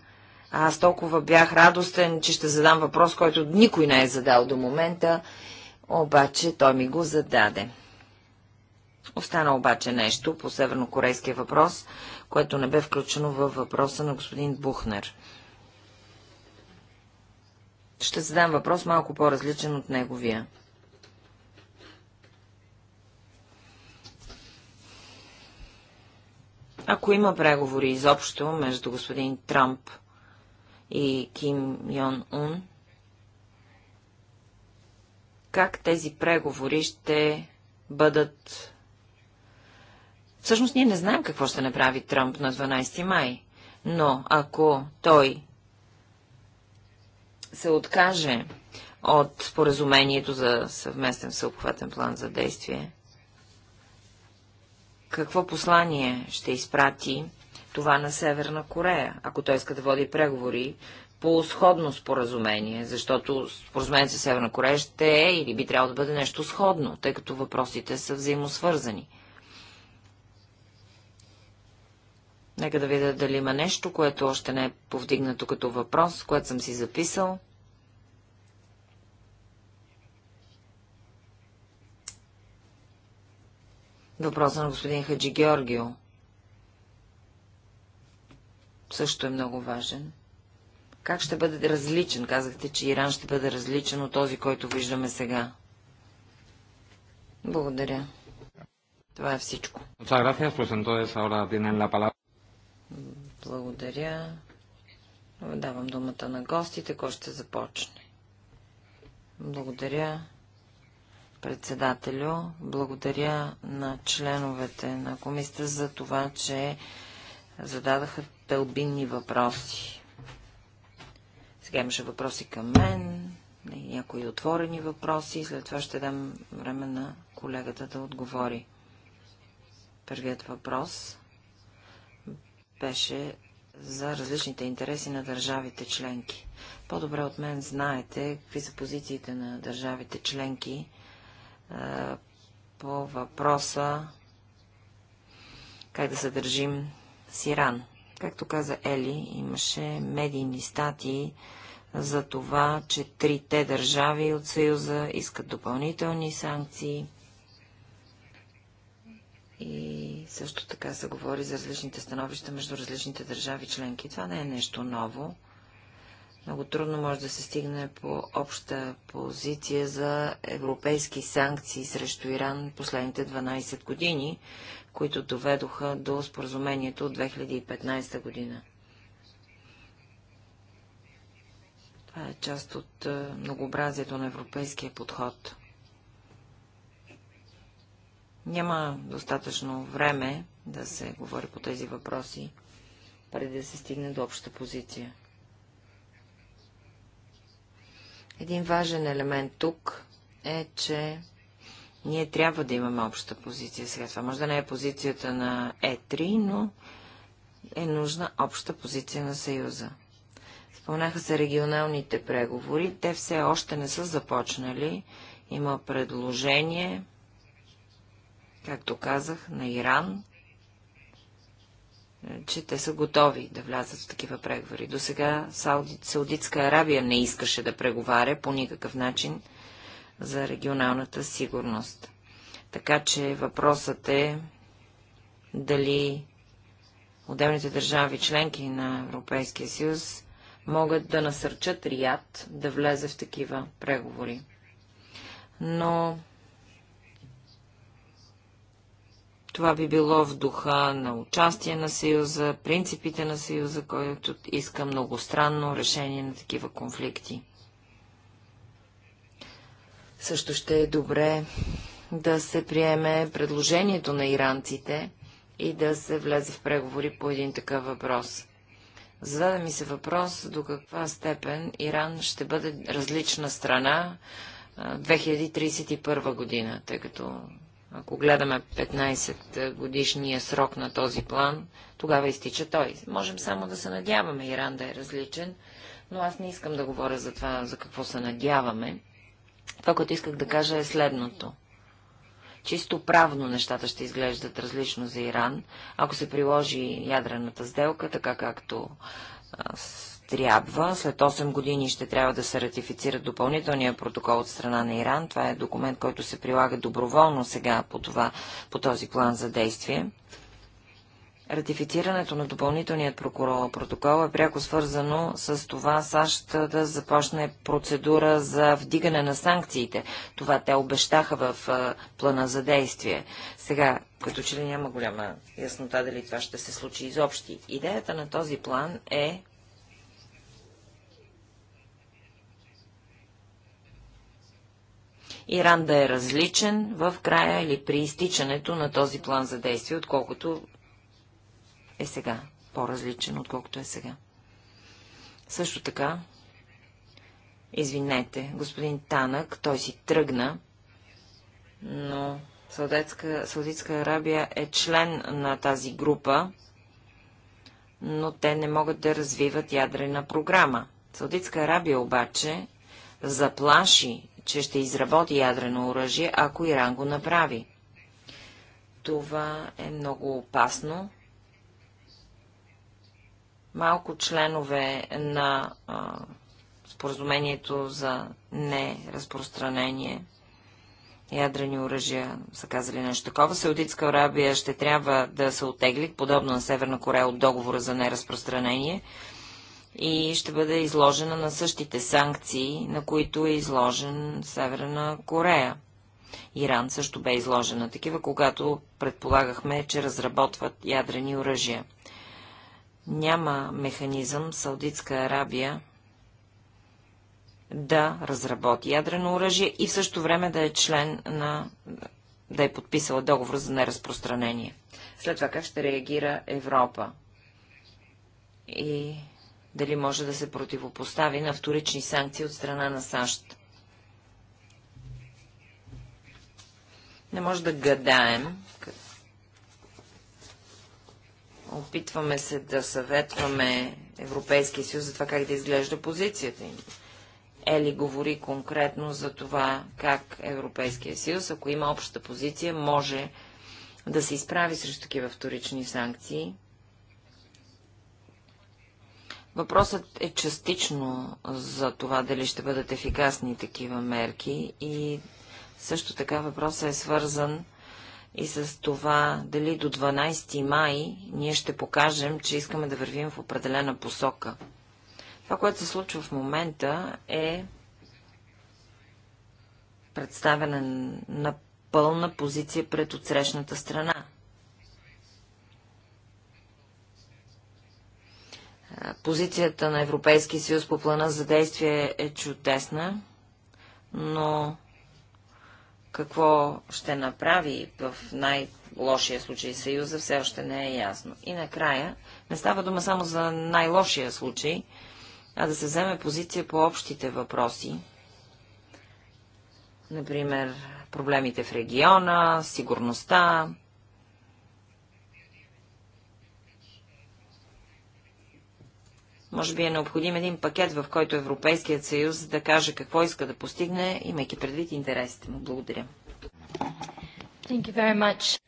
Speaker 3: аз толкова бях радостен, че ще задам въпрос, който никой не е задал до момента, обаче той ми го зададе. Остана обаче нещо по севернокорейския въпрос, което не бе включено във въпроса на господин Бухнер. Ще задам въпрос малко по-различен от неговия. Ако има преговори изобщо между господин Трамп и Ким Йон Ун, как тези преговори ще бъдат... Всъщност ние не знаем какво ще направи Тръмп на 12 май, но ако той се откаже от споразумението за съвместен всеобхватен план за действие, какво послание ще изпрати това на Северна Корея, ако той иска да води преговори по сходно споразумение, защото споразумението с Северна Корея ще е или би трябвало да бъде нещо сходно, тъй като въпросите са взаимосвързани. Нека да видя дали има нещо, което още не е повдигнато като въпрос, което съм си записал. Въпроса на господин Хаджи Георгио също е много важен. Как ще бъде различен? Казахте, че Иран ще бъде различен от този, който виждаме сега. Благодаря.
Speaker 2: Това е всичко.
Speaker 3: Благодаря. Давам думата на гостите. Кой ще започне? Благодаря, председателю. Благодаря на членовете на комисията за това, че зададаха Тълбинни въпроси. Сега имаше въпроси към мен, някои отворени въпроси, след това ще дам време на колегата да отговори. Първият въпрос беше за различните интереси на държавите членки. По-добре от мен знаете какви са позициите на държавите членки по въпроса как да съдържим с Иран. Както каза Ели, имаше медийни статии за това, че трите държави от Съюза искат допълнителни санкции. И също така се говори за различните становища между различните държави членки. Това не е нещо ново. Много трудно може да се стигне по обща позиция за европейски санкции срещу Иран последните 12 години, които доведоха до споразумението от 2015 година. Това е част от е, многообразието на европейския подход. Няма достатъчно време да се говори по тези въпроси, преди да се стигне до обща позиция. Един важен елемент тук е, че ние трябва да имаме обща позиция сега. Това може да не е позицията на Е3, но е нужна обща позиция на Съюза. Спомнаха се регионалните преговори. Те все още не са започнали. Има предложение, както казах, на Иран, че те са готови да влязат в такива преговори. До сега Сауди, Саудитска Арабия не искаше да преговаря по никакъв начин за регионалната сигурност. Така че въпросът е дали отделните държави членки на Европейския съюз могат да насърчат Рият да влезе в такива преговори. Но това би било в духа на участие на Съюза, принципите на Съюза, който иска многостранно решение на такива конфликти. Също ще е добре да се приеме предложението на иранците и да се влезе в преговори по един такъв въпрос. Зададе ми се въпрос до каква степен Иран ще бъде различна страна 2031 година, тъй като ако гледаме 15 годишния срок на този план, тогава изтича той. Можем само да се надяваме Иран да е различен, но аз не искам да говоря за това, за какво се надяваме. Това, което исках да кажа е следното. Чисто правно нещата ще изглеждат различно за Иран, ако се приложи ядрената сделка, така както а, трябва. След 8 години ще трябва да се ратифицира допълнителния протокол от страна на Иран. Това е документ, който се прилага доброволно сега по, това, по този план за действие. Ратифицирането на допълнителният прокурор протокол е пряко свързано с това САЩ да започне процедура за вдигане на санкциите. Това те обещаха в плана за действие. Сега, като че ли няма голяма яснота дали това ще се случи изобщо. Идеята на този план е Иран да е различен в края или при изтичането на този план за действие, отколкото е сега, по-различен, отколкото е сега. Също така, извинете, господин Танък, той си тръгна, но Саудитска, Саудитска Арабия е член на тази група, но те не могат да развиват ядрена програма. Саудитска Арабия обаче заплаши, че ще изработи ядрено оръжие, ако Иран го направи. Това е много опасно малко членове на а, споразумението за неразпространение ядрени оръжия са казали нещо такова. Саудитска Арабия ще трябва да се отегли, подобно на Северна Корея, от договора за неразпространение и ще бъде изложена на същите санкции, на които е изложен Северна Корея. Иран също бе изложена такива, когато предполагахме, че разработват ядрени оръжия няма механизъм Саудитска Арабия да разработи ядрено оръжие и в същото време да е член на да е подписала договор за неразпространение. След това как ще реагира Европа и дали може да се противопостави на вторични санкции от страна на САЩ. Не може да гадаем Опитваме се да съветваме Европейския съюз за това как да изглежда позицията им. Ели говори конкретно за това как Европейския съюз, ако има обща позиция, може да се изправи срещу такива вторични санкции. Въпросът е частично за това дали ще бъдат ефикасни такива мерки и също така въпросът е свързан и с това дали до 12 май ние ще покажем, че искаме да вървим в определена посока. Това, което се случва в момента е представяне на пълна позиция пред отсрещната страна. Позицията на Европейския съюз по плана за действие е чудесна, но какво ще направи в най-лошия случай Съюза, все още не е ясно. И накрая, не става дума само за най-лошия случай, а да се вземе позиция по общите въпроси. Например, проблемите в региона, сигурността, Може би е необходим един пакет, в който Европейският съюз да каже какво иска да постигне, имайки предвид интересите му. Благодаря. Thank you very much.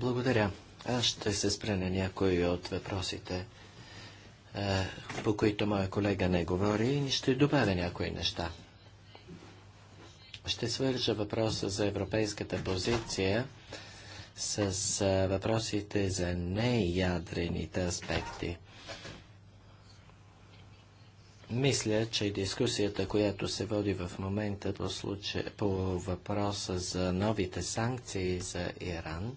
Speaker 1: Благодаря. Аз ще се спра на някои от въпросите, е, по които моя колега не говори и ще добавя някои неща. Ще свържа въпроса за европейската позиция с е, въпросите за неядрените аспекти. Мисля, че дискусията, която се води в момента по, случай, по въпроса за новите санкции за Иран,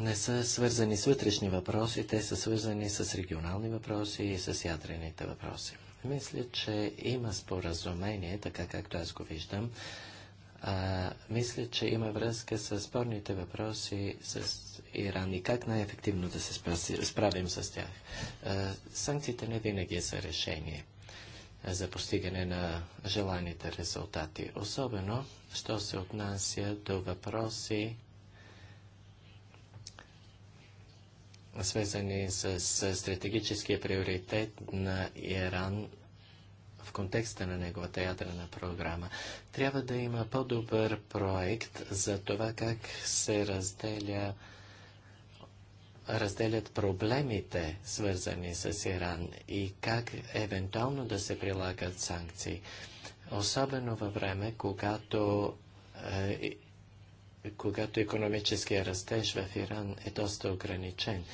Speaker 1: не са свързани с вътрешни въпроси, те са свързани с регионални въпроси и с ядрените въпроси. Мисля, че има споразумение, така както аз го виждам, а, мисля, че има връзка с спорните въпроси с Иран и как най-ефективно да се справим с тях. А, санкциите не винаги са решение за постигане на желаните резултати. Особено, що се отнася до въпроси, свързани с стратегическия приоритет на Иран в контекста на неговата ядрена програма. Трябва да има по-добър проект за това как се разделя разделят проблемите, свързани с Иран и как евентуално да се прилагат санкции. Особено във време, когато, е, когато економическия растеж в Иран е доста ограничен.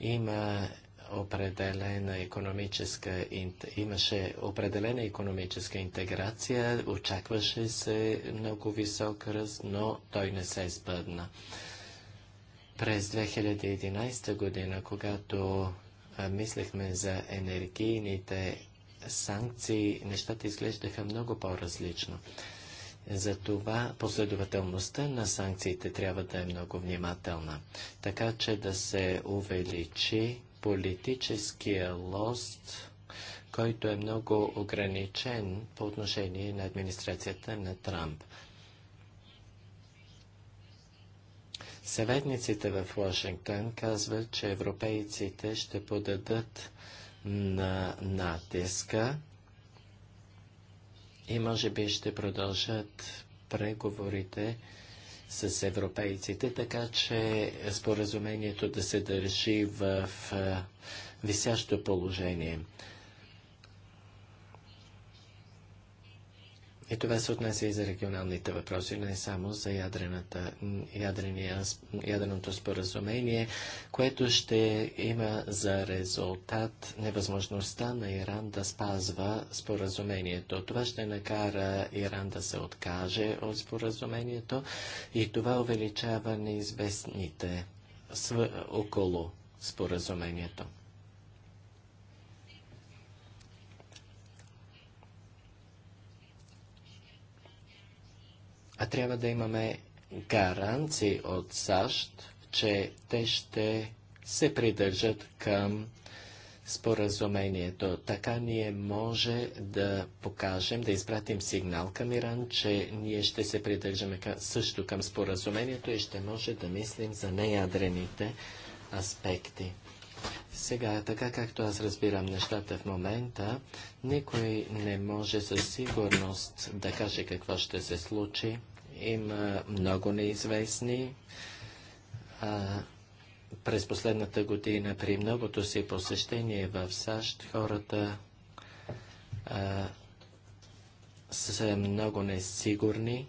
Speaker 1: Има определена економическа, имаше определена економическа интеграция, очакваше се много висок ръст, но той не се сбъдна. През 2011 година, когато мислехме за енергийните санкции, нещата изглеждаха много по-различно. Затова последователността на санкциите трябва да е много внимателна, така че да се увеличи политическия лост, който е много ограничен по отношение на администрацията на Трамп. Съветниците в Вашингтон казват, че европейците ще подадат на натиска и може би ще продължат преговорите с европейците, така че споразумението да се държи в е, висящо положение. И е, това се отнася и за регионалните въпроси, не само за ядрената, ядрения, ядреното споразумение, което ще има за резултат невъзможността на Иран да спазва споразумението. Това ще накара Иран да се откаже от споразумението и това увеличава неизвестните около споразумението. а трябва да имаме гаранции от САЩ, че те ще се придържат към споразумението. Така ние може да покажем, да изпратим сигнал към Иран, че ние ще се придържаме към, също към споразумението и ще може да мислим за неядрените аспекти. Сега, така както аз разбирам нещата в момента, никой не може със сигурност да каже какво ще се случи има много неизвестни. А, през последната година при многото си посещение в САЩ хората а, са много несигурни.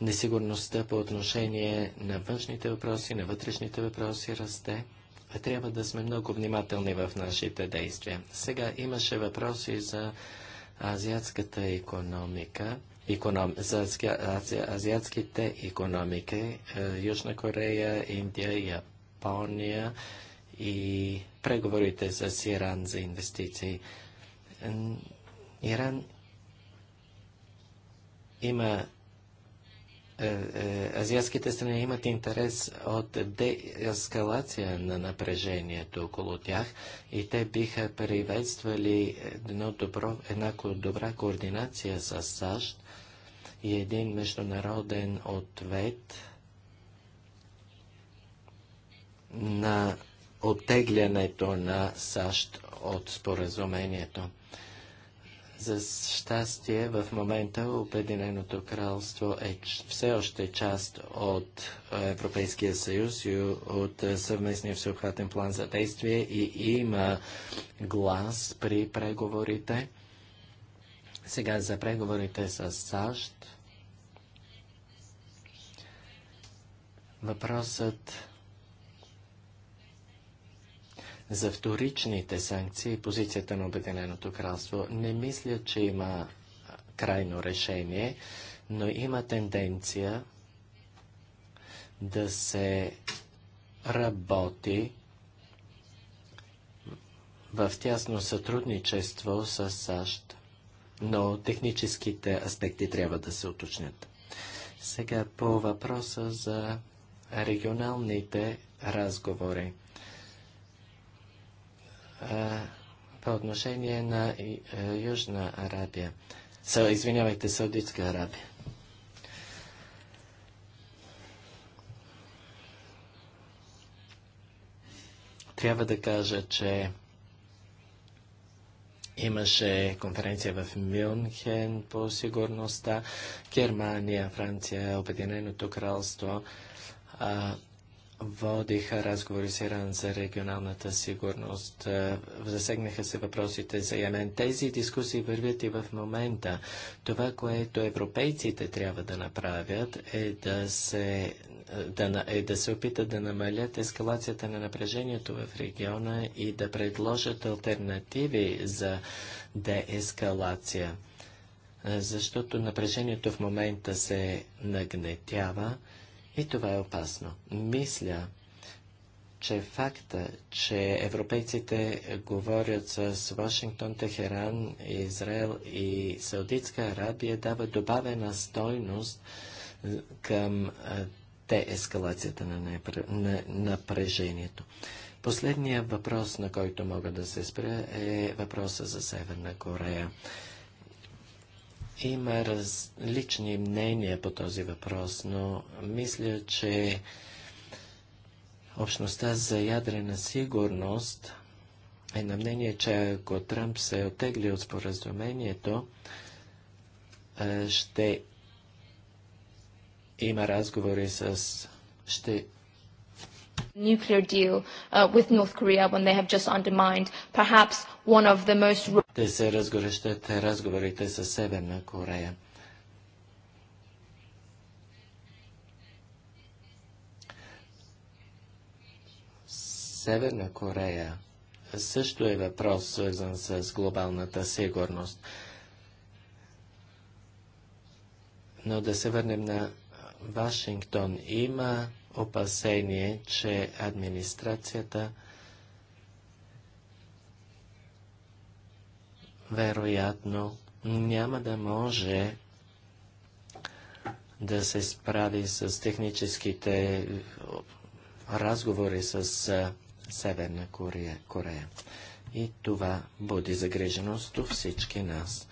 Speaker 1: Несигурността по отношение на външните въпроси, на вътрешните въпроси расте. А трябва да сме много внимателни в нашите действия. Сега имаше въпроси за азиатската економика економ... азиатските економики, е, Южна Корея, Индия, Япония и преговорите с Иран за инвестиции. Иран има е, е, азиатските страни имат интерес от деескалация на напрежението около тях и те биха приветствали едно добро, една добра координация с САЩ и един международен ответ на оттеглянето на САЩ от споразумението. За щастие, в момента Обединеното кралство е все още част от Европейския съюз и от съвместния всеобхватен план за действие и има глас при преговорите. Сега за преговорите с САЩ. Въпросът за вторичните санкции и позицията на Обединеното кралство. Не мисля, че има крайно решение, но има тенденция да се работи в тясно сътрудничество с САЩ но техническите аспекти трябва да се уточнят. Сега по въпроса за регионалните разговори. По отношение на е, Южна Арабия. Извинявайте, Саудитска Арабия. Трябва да кажа, че Имаше конференция в Мюнхен по сигурността, Германия, Франция, Обединеното кралство. А, водиха разговори с Иран за регионалната сигурност. Е, засегнаха се въпросите за Йемен. Тези дискусии вървят и в момента. Това, което европейците трябва да направят е да се, да, е да се опитат да намалят ескалацията на напрежението в региона и да предложат альтернативи за деескалация. Е, защото напрежението в момента се нагнетява. И това е опасно. Мисля, че факта, че европейците говорят с Вашингтон, Техеран, Израел и Саудитска Арабия дава добавена стойност е, към деескалацията на, на напрежението. Последният въпрос, на който мога да се спря, е въпроса за Северна Корея. Има различни мнения по този въпрос, но мисля, че общността за ядрена сигурност е на мнение, че ако Тръмп се е отегли от споразумението, ще има разговори с... ще
Speaker 2: nuclear deal uh, with North
Speaker 3: Korea when they have just undermined perhaps one of the most...
Speaker 1: Те се разгорещат разговорите с Северна Корея. Северна Корея също е въпрос, свързан с глобалната сигурност. Но да се върнем на Вашингтон. Има опасение, че администрацията вероятно няма да може да се справи с техническите разговори с Северна Корея. Корея. И това буди загриженост у всички нас.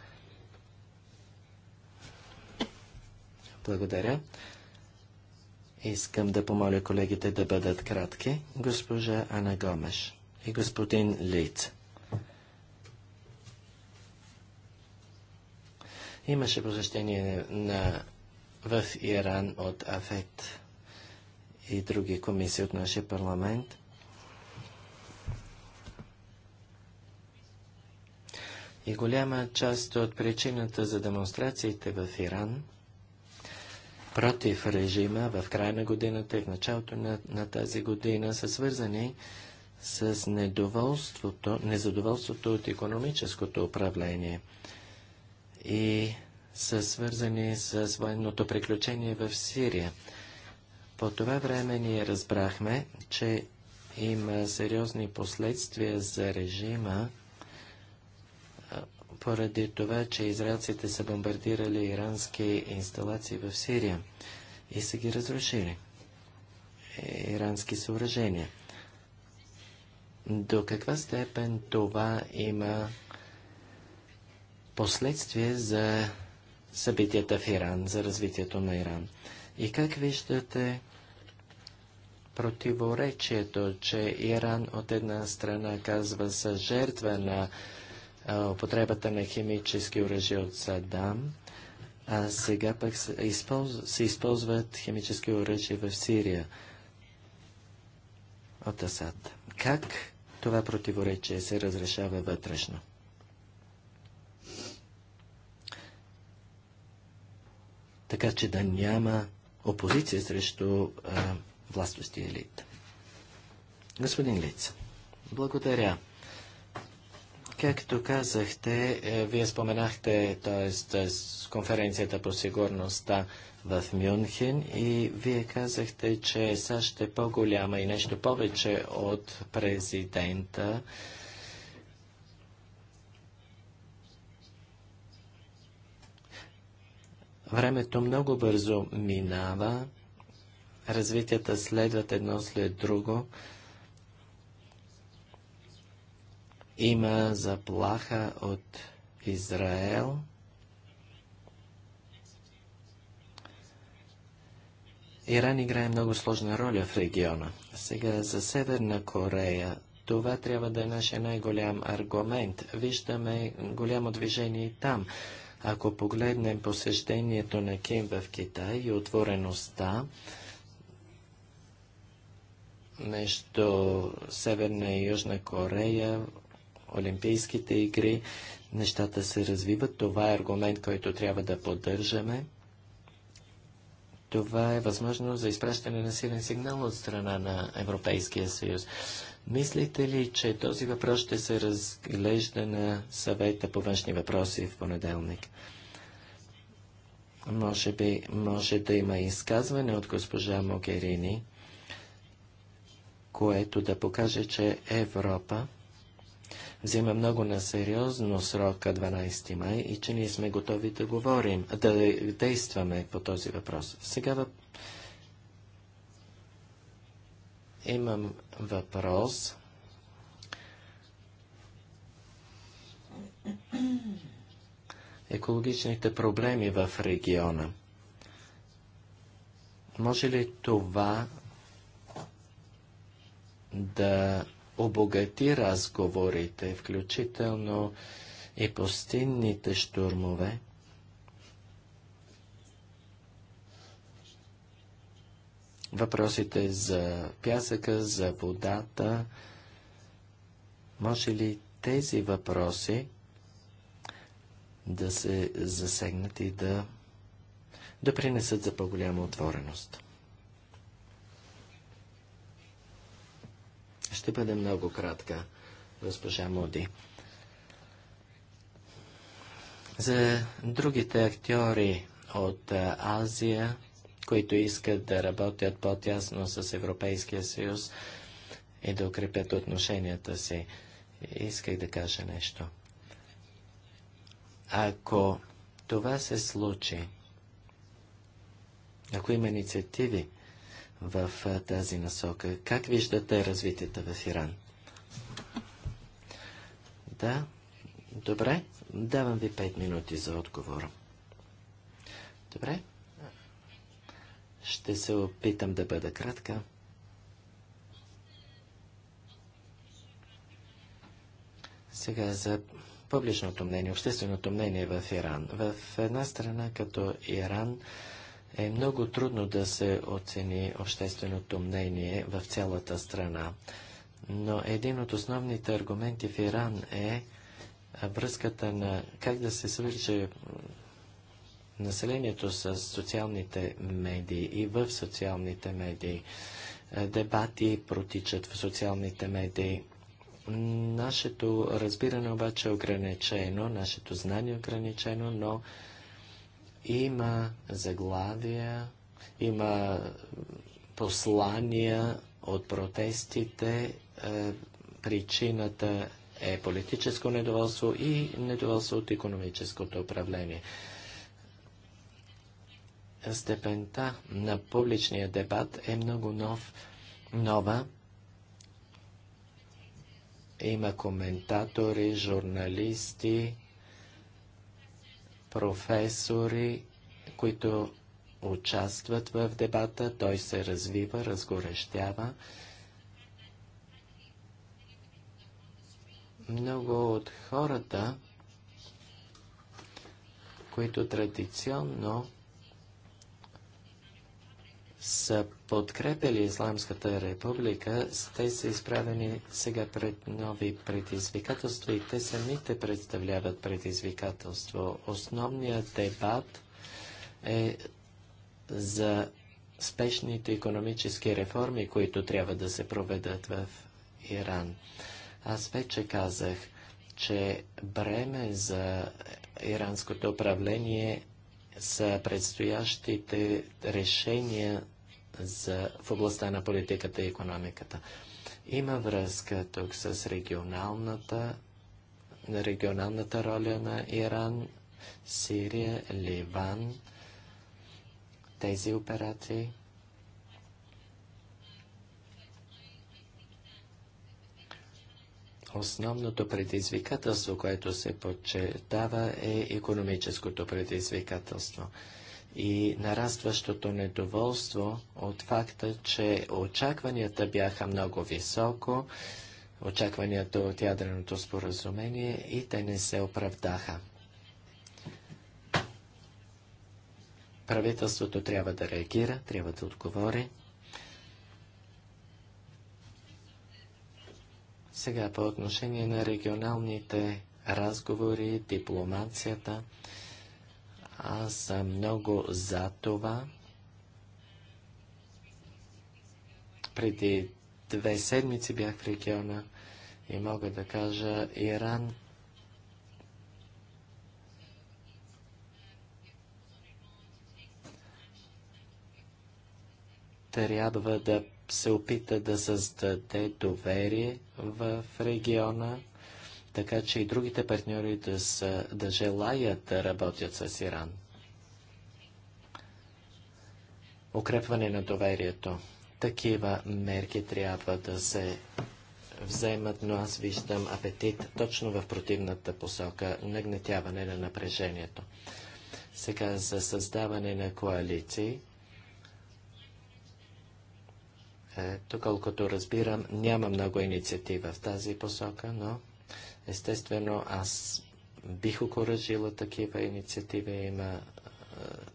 Speaker 1: Благодаря. Искам да помоля колегите да бъдат кратки. Госпожа Ана Гомеш и господин Лит. Имаше посещение на, в Иран от АФЕТ и други комисии от нашия парламент. И голяма част от причината за демонстрациите в Иран – против режима в края на годината и в началото на, на тази година са свързани с недоволството, незадоволството от економическото управление и са свързани с военното приключение в Сирия. По това време ние разбрахме, че има сериозни последствия за режима поради това, че израелците са бомбардирали ирански инсталации в Сирия и са ги разрушили. Е, ирански съоръжения. До каква степен това има последствие за събитията в Иран, за развитието на Иран? И как виждате противоречието, че Иран от една страна казва са жертва на употребата на химически оръжия от Садам, а сега пък се, използ... се използват химически оръжия в Сирия от Асад. Как това противоречие се разрешава вътрешно? Така че да няма опозиция срещу властващия елит. Господин Лиц, благодаря. Както казахте, е, вие споменахте т.е. Е, конференцията по сигурността в Мюнхен и вие казахте, че САЩ е по-голяма и нещо повече от президента. Времето много бързо минава, развитията следват едно след друго. Има заплаха от Израел. Иран играе много сложна роля в региона. Сега за Северна Корея това трябва да е нашия най-голям аргумент. Виждаме голямо движение и там. Ако погледнем посещението на Ким в Китай и отвореността между Северна и Южна Корея Олимпийските игри. Нещата се развиват. Това е аргумент, който трябва да поддържаме. Това е възможно за изпращане на силен сигнал от страна на Европейския съюз. Мислите ли, че този въпрос ще се разглежда на съвета по външни въпроси в понеделник? Може би може да има изказване от госпожа Могерини, което да покаже, че Европа взима много на сериозно срока 12 май и че ние сме готови да говорим, да действаме по този въпрос. Сега въп... имам въпрос. Екологичните проблеми в региона. Може ли това да обогати разговорите, включително и пустинните штурмове. Въпросите за пясъка, за водата, може ли тези въпроси да се засегнат и да допринесат за по-голяма отвореност? Ще бъде много кратка, госпожа Моди. За другите актьори от Азия, които искат да работят по-тясно с Европейския съюз и да укрепят отношенията си, исках да кажа нещо. Ако това се случи, ако има инициативи, в тази насока. Как виждате развитията в Иран? Да, добре. Давам ви 5 минути за отговор. Добре. Ще се опитам да бъда кратка. Сега за публичното мнение, общественото мнение в Иран. В една страна като Иран, е много трудно да се оцени общественото мнение в цялата страна. Но един от основните аргументи в Иран е връзката на как да се свърже населението с социалните медии и в социалните медии. Дебати протичат в социалните медии. Нашето разбиране обаче е ограничено, нашето знание е ограничено, но има заглавия, има послания от протестите. Е, причината е политическо недоволство и недоволство от економическото управление. Степента на публичния дебат е много нов, нова. Има коментатори, журналисти, професори, които участват в дебата. Той се развива, разгорещява. Много от хората, които традиционно са подкрепили Исламската република, те са изправени сега пред нови предизвикателства и те самите представляват предизвикателство. Основният дебат е за спешните економически реформи, които трябва да се проведат в Иран. Аз вече казах, че бреме за иранското управление за предстоящите решения за, в областта на политиката и економиката. Има връзка тук с регионалната, регионалната роля на Иран, Сирия, Ливан, тези операции. Основното предизвикателство, което се подчертава, е економическото предизвикателство и нарастващото недоволство от факта, че очакванията бяха много високо, очакванията от ядреното споразумение и те не се оправдаха. Правителството трябва да реагира, трябва да отговори. Сега по отношение на регионалните разговори, дипломацията, аз съм много за това. Преди две седмици бях в региона и мога да кажа Иран трябва да се опита да създаде доверие в региона, така че и другите партньори да, са, да желаят да работят с Иран. Укрепване на доверието. Такива мерки трябва да се вземат, но аз виждам апетит точно в противната посока нагнетяване на напрежението. Сега за създаване на коалиции Е, доколкото разбирам, няма много инициатива в тази посока, но естествено аз бих окоръжила такива инициативи. Има е,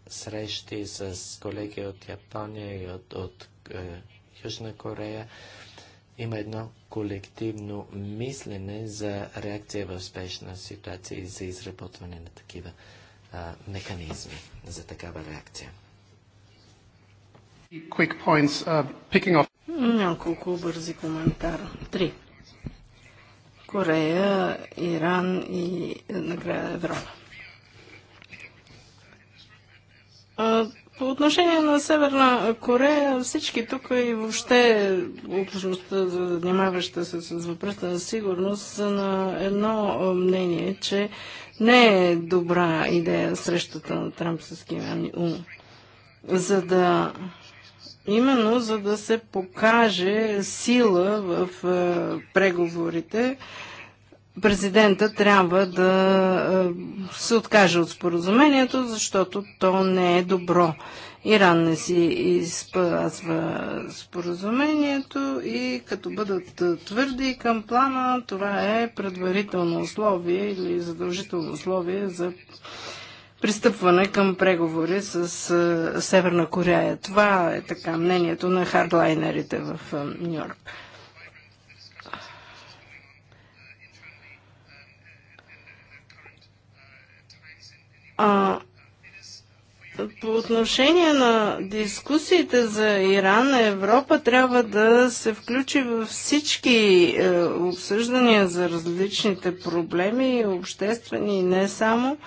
Speaker 1: срещи с колеги от Япония и от, от е, Южна Корея. Има едно колективно мислене за реакция в спешна ситуация и за изработване на такива а, е, механизми за такава реакция.
Speaker 2: Quick points, uh, picking off. Няколко бързи коментара. Три. Корея, Иран и накрая Европа. По отношение на Северна Корея, всички тук и въобще общността, занимаваща се с въпроса за сигурност, са на едно мнение, че не е добра идея срещата на Трамп с Ким Ун. За да именно за да се покаже сила в е, преговорите. Президента трябва да е, се откаже от споразумението, защото то не е добро. Иран не си изпазва споразумението и като бъдат твърди към плана, това е предварително условие или задължително условие за пристъпване към преговори с Северна Корея. Това е така мнението на хардлайнерите в Нью Йорк. А, по отношение на дискусиите за Иран, Европа трябва да се включи във всички е, обсъждания за различните проблеми, обществени и не само.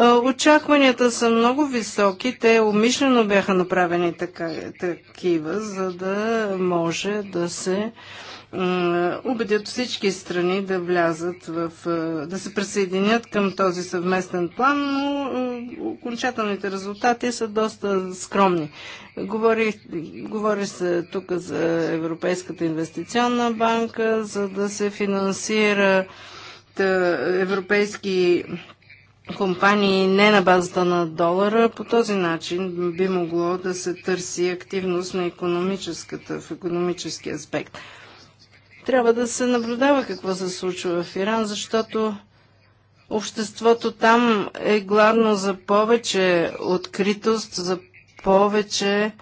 Speaker 2: Очакванията са много високи. Те умишлено бяха направени така, такива, за да може да се убедят всички страни да влязат в, да се присъединят към този съвместен план, но окончателните резултати са доста скромни. Говори, говори се тук за Европейската инвестиционна банка, за да се финансира европейски компании не на базата на долара. По този начин би могло да се търси активност на економическата, в економически аспект. Трябва да се наблюдава какво се случва в Иран, защото обществото там е гладно за повече откритост, за повече,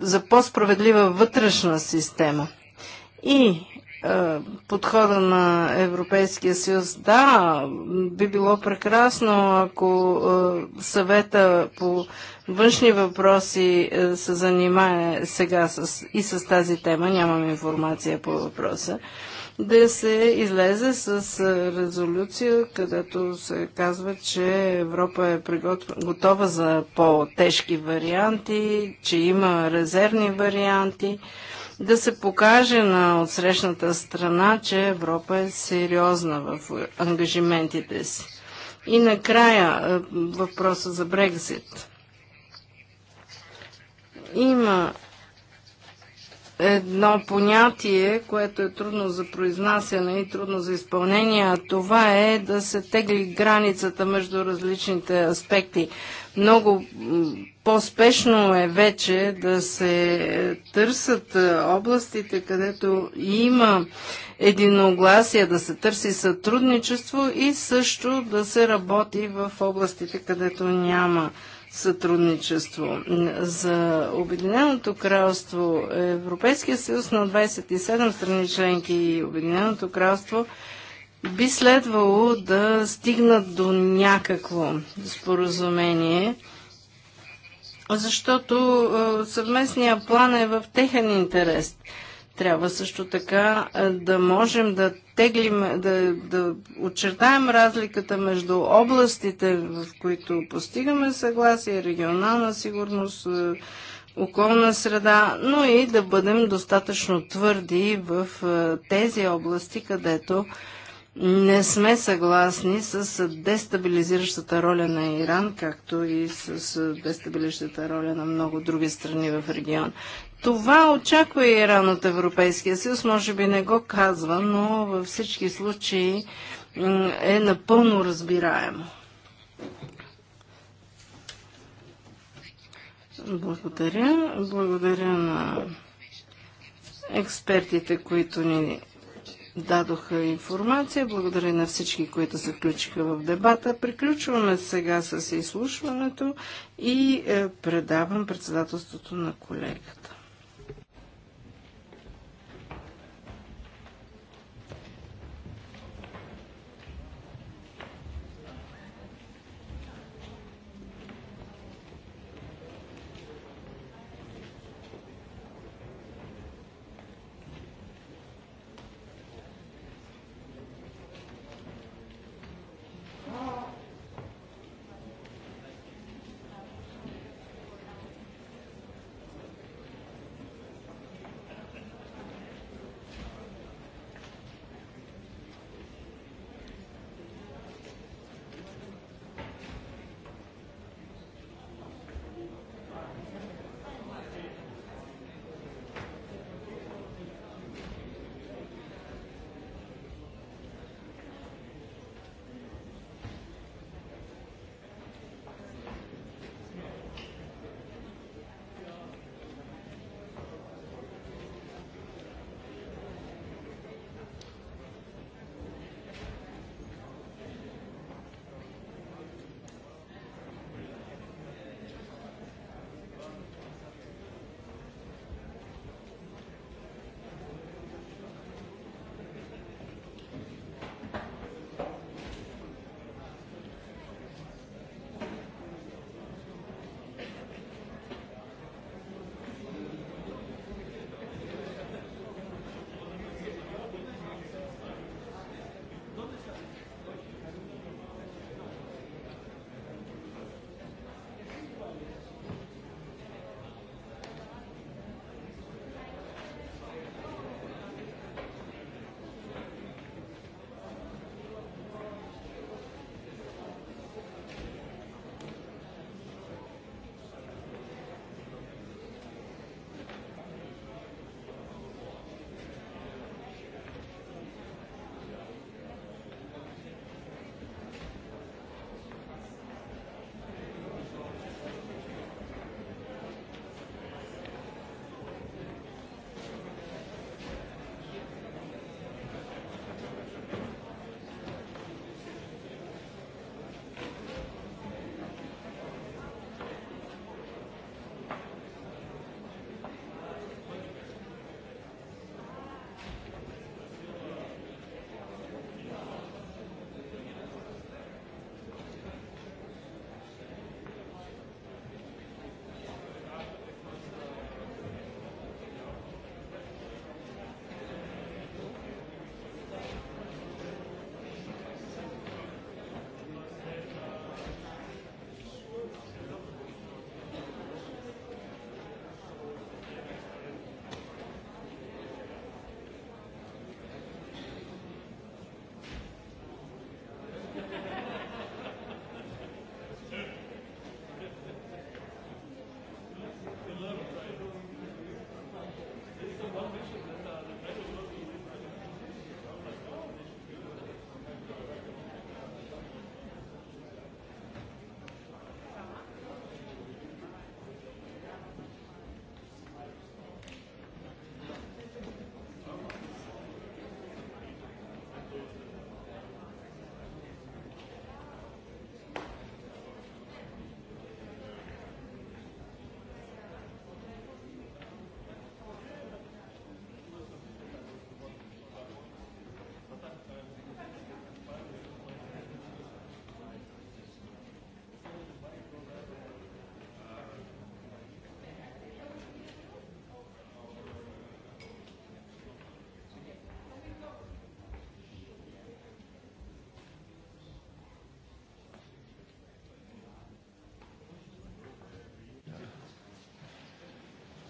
Speaker 2: за по-справедлива вътрешна система. И е, подхода на Европейския съюз. Да, би било прекрасно, ако е, съвета по външни въпроси е, се занимае сега с, и с тази тема, нямам информация по въпроса, да се излезе с резолюция, където се казва, че Европа е готова за по-тежки варианти, че има резервни варианти да се покаже на отсрещната страна, че Европа е сериозна в ангажиментите си. И накрая е, въпроса за Брекзит. Има едно понятие, което е трудно за произнасяне и трудно за изпълнение, а това е да се тегли границата между различните аспекти. Много по-спешно е вече да се търсят е, областите, където има единогласие, да се търси сътрудничество и също да се работи в областите, където няма сътрудничество. За Обединеното кралство, Европейския съюз на 27 страни членки и Обединеното кралство би следвало да стигнат до някакво споразумение – защото съвместния план е в техен интерес. Трябва също така да можем да теглим, да, да очертаем разликата между областите, в които постигаме съгласие, регионална сигурност, околна среда, но и да бъдем достатъчно твърди в тези области, където не сме съгласни с дестабилизиращата роля на Иран, както и с дестабилизиращата роля на много други страни в региона. Това очаква Иран от Европейския съюз, може би не го казва, но във всички случаи е напълно разбираемо. Благодаря. Благодаря на експертите, които ни дадоха информация. Благодаря на всички, които се включиха в дебата. Приключваме сега с изслушването и е, предавам председателството на колегата.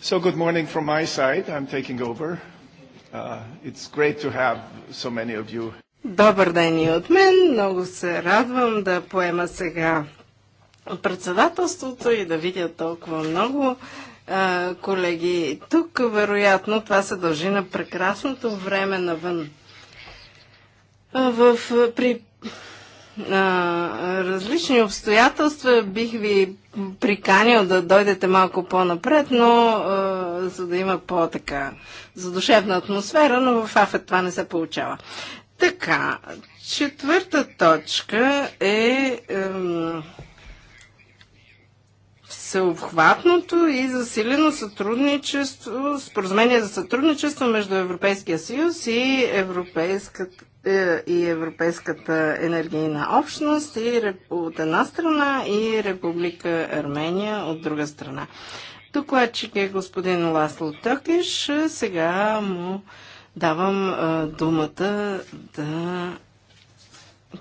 Speaker 2: So good morning from my side. I'm taking over. Uh, it's great to have so many of you. Добър ден и от мен. Много се радвам да поема сега председателството и да видя толкова много колеги. Тук, вероятно, това се дължи на прекрасното време навън. при различни обстоятелства бих ви приканил да дойдете малко по-напред, но а, за да има по-така задушевна атмосфера, но в АФЕ това не се получава. Така, четвърта точка е... е всеобхватното и засилено сътрудничество, споразумение за сътрудничество между Европейския съюз и Европейската е, и Европейската енергийна общност и от една страна и Република Армения от друга страна. Докладчик е господин Ласло Токиш. Сега му давам а, е, думата да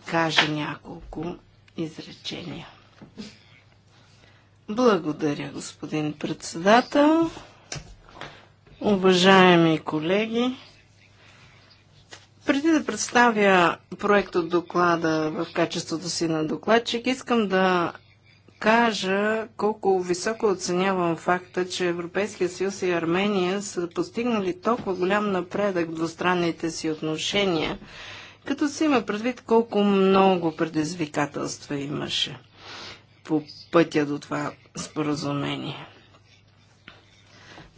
Speaker 2: каже няколко изречения. Благодаря, господин председател. Уважаеми колеги, преди да представя проект от доклада в качеството си на докладчик, искам да кажа колко високо оценявам факта, че Европейския съюз и Армения са постигнали толкова голям напредък в двустранните си отношения, като се има предвид колко много предизвикателства имаше по пътя до това споразумение.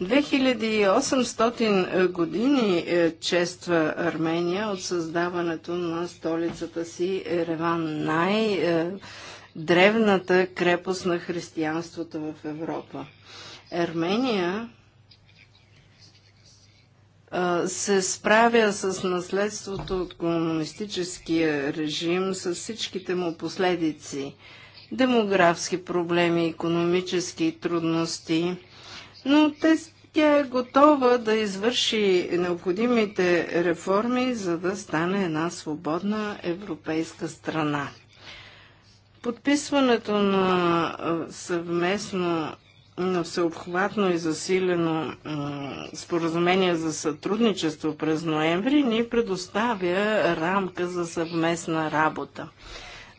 Speaker 2: 2800 години е, чества Армения от създаването на столицата си Ереван, най-древната е, крепост на християнството в Европа. Армения е, се справя с наследството от комунистическия режим, с всичките му последици – демографски проблеми, економически трудности, но те, тя е готова да извърши необходимите реформи, за да стане една свободна европейска страна. Подписването на съвместно на всеобхватно и засилено споразумение за сътрудничество през ноември ни предоставя рамка за съвместна работа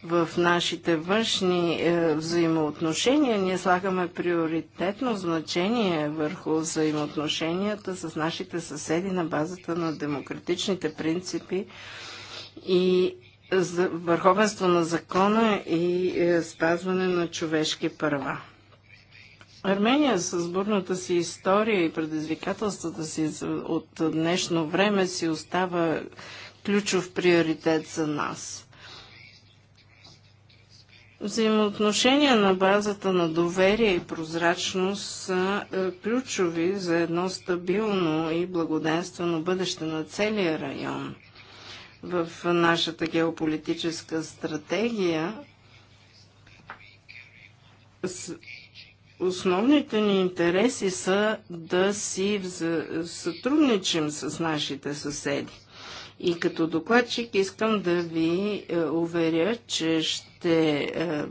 Speaker 2: в нашите външни е, взаимоотношения ние слагаме приоритетно значение върху взаимоотношенията с нашите съседи на базата на демократичните принципи и за върховенство на закона и е, спазване на човешки права. Армения с бурната си история и предизвикателствата си от днешно време си остава ключов приоритет за нас – Взаимоотношения на базата на доверие и прозрачност са е, ключови за едно стабилно и благоденствено бъдеще на целия район. В нашата геополитическа стратегия основните ни интереси са да си сътрудничим с нашите съседи. И като докладчик искам да ви е, уверя, че ще е,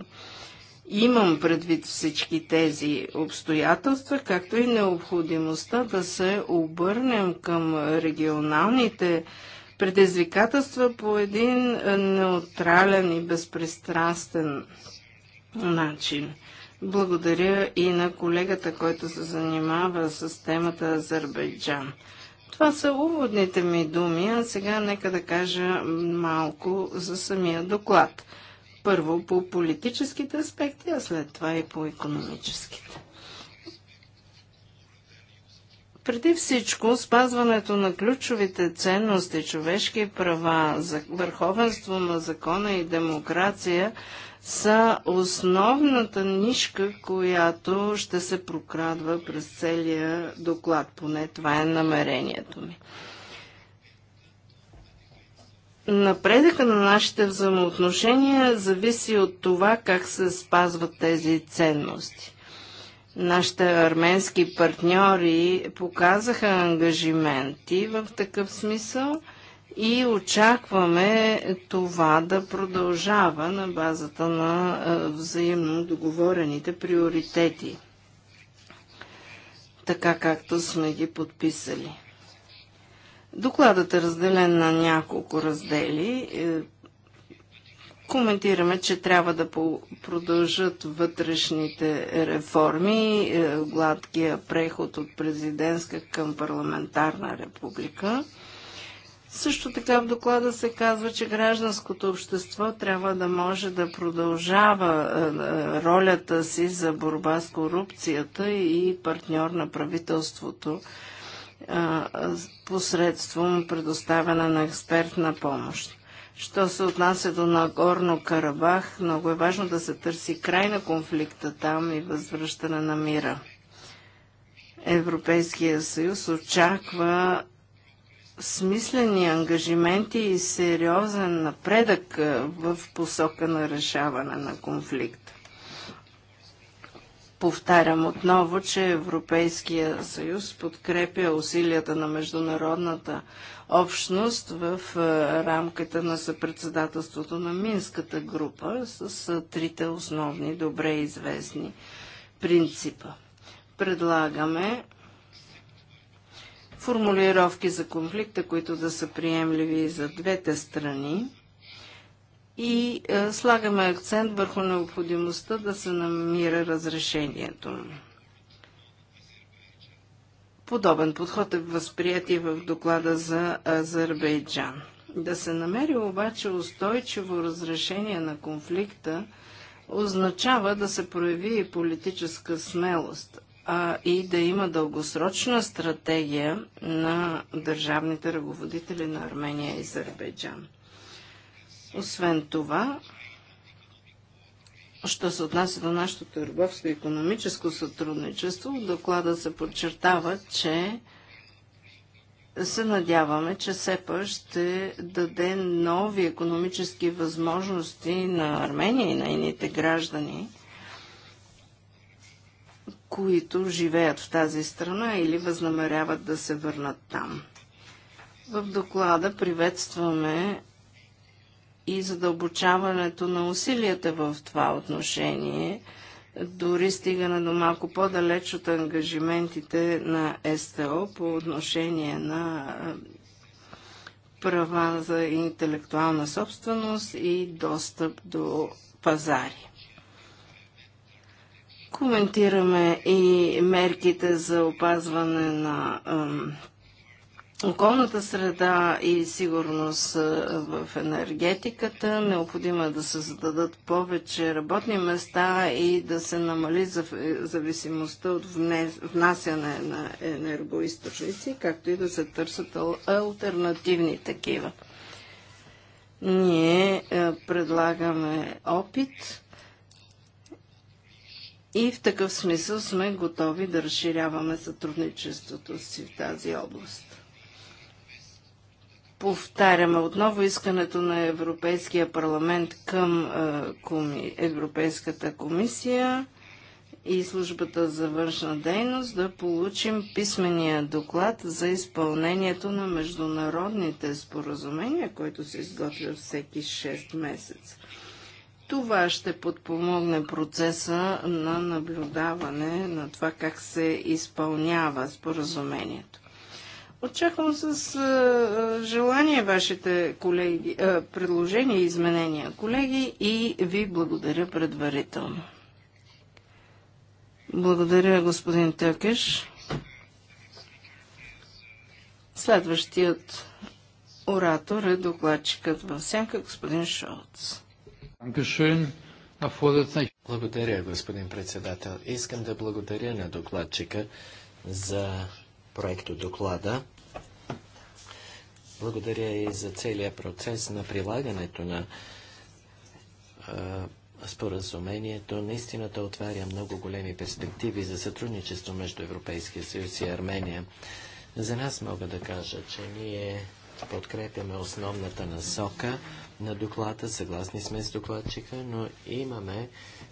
Speaker 2: имам предвид всички тези обстоятелства, както и необходимостта да се обърнем към регионалните предизвикателства по един е, неутрален и безпристрастен начин. Благодаря и на колегата, който се занимава с темата Азербайджан. Това са уводните ми думи, а сега нека да кажа малко за самия доклад. Първо по политическите аспекти, а след това и по економическите. Преди всичко, спазването на ключовите ценности, човешки права, върховенство на закона и демокрация са основната нишка, която ще се прокрадва през целия доклад. Поне това е намерението ми. Напредъка на нашите взаимоотношения зависи от това как се спазват тези ценности. Нашите арменски партньори показаха ангажименти в такъв смисъл – и очакваме това да продължава на базата на е, взаимно договорените приоритети, така както сме ги подписали. Докладът е разделен на няколко раздели. Е, коментираме, че трябва да продължат вътрешните реформи, е, гладкия преход от президентска към парламентарна република – също така в доклада се казва, че гражданското общество трябва да може да продължава е, е, ролята си за борба с корупцията и партньор на правителството е, посредством предоставяне на експертна помощ. Що се отнася до Нагорно Карабах, много е важно да се търси край на конфликта там и възвръщане на мира. Европейския съюз очаква смислени ангажименти и сериозен напредък в посока на решаване на конфликта. Повтарям отново, че Европейския съюз подкрепя усилията на международната общност в рамката на съпредседателството на Минската група с трите основни добре известни принципа. Предлагаме формулировки за конфликта, които да са приемливи за двете страни и е, слагаме акцент върху необходимостта да се намира разрешението. Подобен подход е възприят и в доклада за Азербайджан. Да се намери обаче устойчиво разрешение на конфликта означава да се прояви и политическа смелост, а и да има дългосрочна стратегия на държавните ръководители на Армения и Азербайджан. Освен това, що се отнася до нашето търговско и економическо сътрудничество, в доклада се подчертава, че се надяваме, че СЕПА ще даде нови економически възможности на Армения и нейните граждани – които живеят в тази страна или възнамеряват да се върнат там. В доклада приветстваме и задълбочаването на усилията в това отношение, дори стигане до малко по-далеч от ангажиментите на СТО по отношение на права за интелектуална собственост и достъп до пазари. Коментираме и мерките за опазване на околната среда и сигурност в енергетиката. Необходимо е да се зададат повече работни места и да се намали зависимостта от внасяне на енергоисточници, както и да се търсят альтернативни такива. Ние предлагаме опит и в такъв смисъл сме готови да разширяваме сътрудничеството си в тази област. Повтаряме отново искането на Европейския парламент към е, коми, Европейската комисия и службата за външна дейност да получим писмения доклад за изпълнението на международните споразумения, които се изготвя всеки 6 месеца. Това ще подпомогне процеса на наблюдаване на това как се изпълнява споразумението. Очаквам с е, желание вашите колеги, е, предложения и изменения, колеги, и ви благодаря предварително. Благодаря, господин Тъкеш. Следващият оратор е
Speaker 1: докладчикът в сянка, господин Шолц. Благодаря, господин председател. Искам да благодаря на докладчика за проекто доклада. Благодаря и за целия процес на прилагането на а, споразумението. Наистина то отваря много големи перспективи за сътрудничество между Европейския съюз и Армения. За нас мога да кажа, че ние подкрепяме основната насока на доклада, съгласни сме с докладчика, но имаме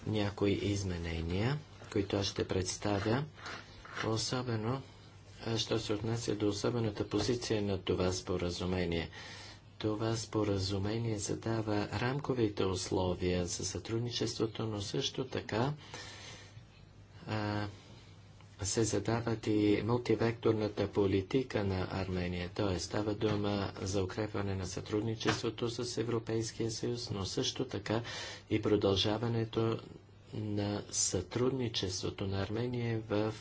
Speaker 1: някои изменения, които аз ще представя, особено, що се отнася до особената позиция на това споразумение. Това споразумение задава рамковите условия за сътрудничеството, но също така а, се задават и мултивекторната политика на Армения, т.е. става дума за укрепване на сътрудничеството с Европейския съюз, но също така и продължаването на сътрудничеството на Армения в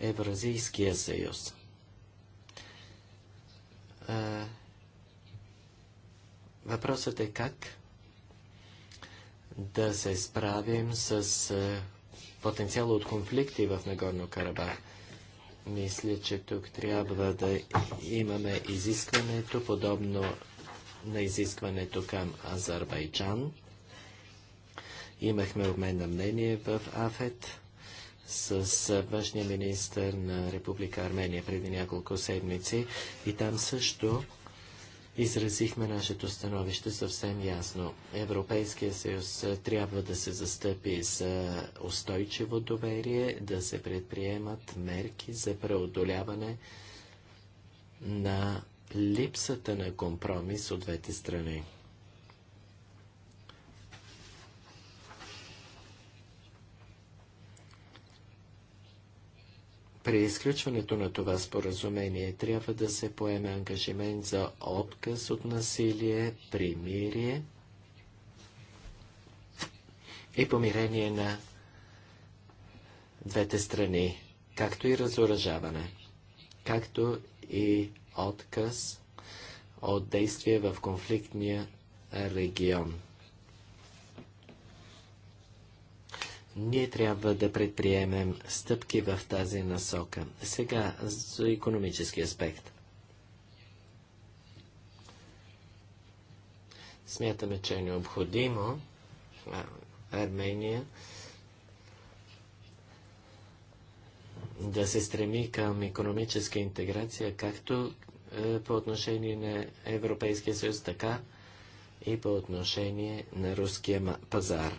Speaker 1: Евразийския съюз. въпросът е как да се справим с потенциала от конфликти в Нагорно Карабах. Мисля, че тук трябва да имаме изискването, подобно на изискването към Азербайджан. Имахме обмен на мнение в АФЕТ с външния министр на Република Армения преди няколко седмици и там също изразихме нашето становище съвсем ясно. Европейския съюз е, трябва да се застъпи за устойчиво доверие, да се предприемат мерки за преодоляване на липсата на компромис от двете страни. при изключването на това споразумение трябва да се поеме ангажимент за отказ от насилие, примирие и помирение на двете страни, както и разоръжаване, както и отказ от действия в конфликтния регион. Ние трябва да предприемем стъпки в тази насока. Сега за економически аспект. Смятаме, че е необходимо Армения да се стреми към економическа интеграция, както е, по отношение на Европейския съюз, така и по отношение на руския пазар.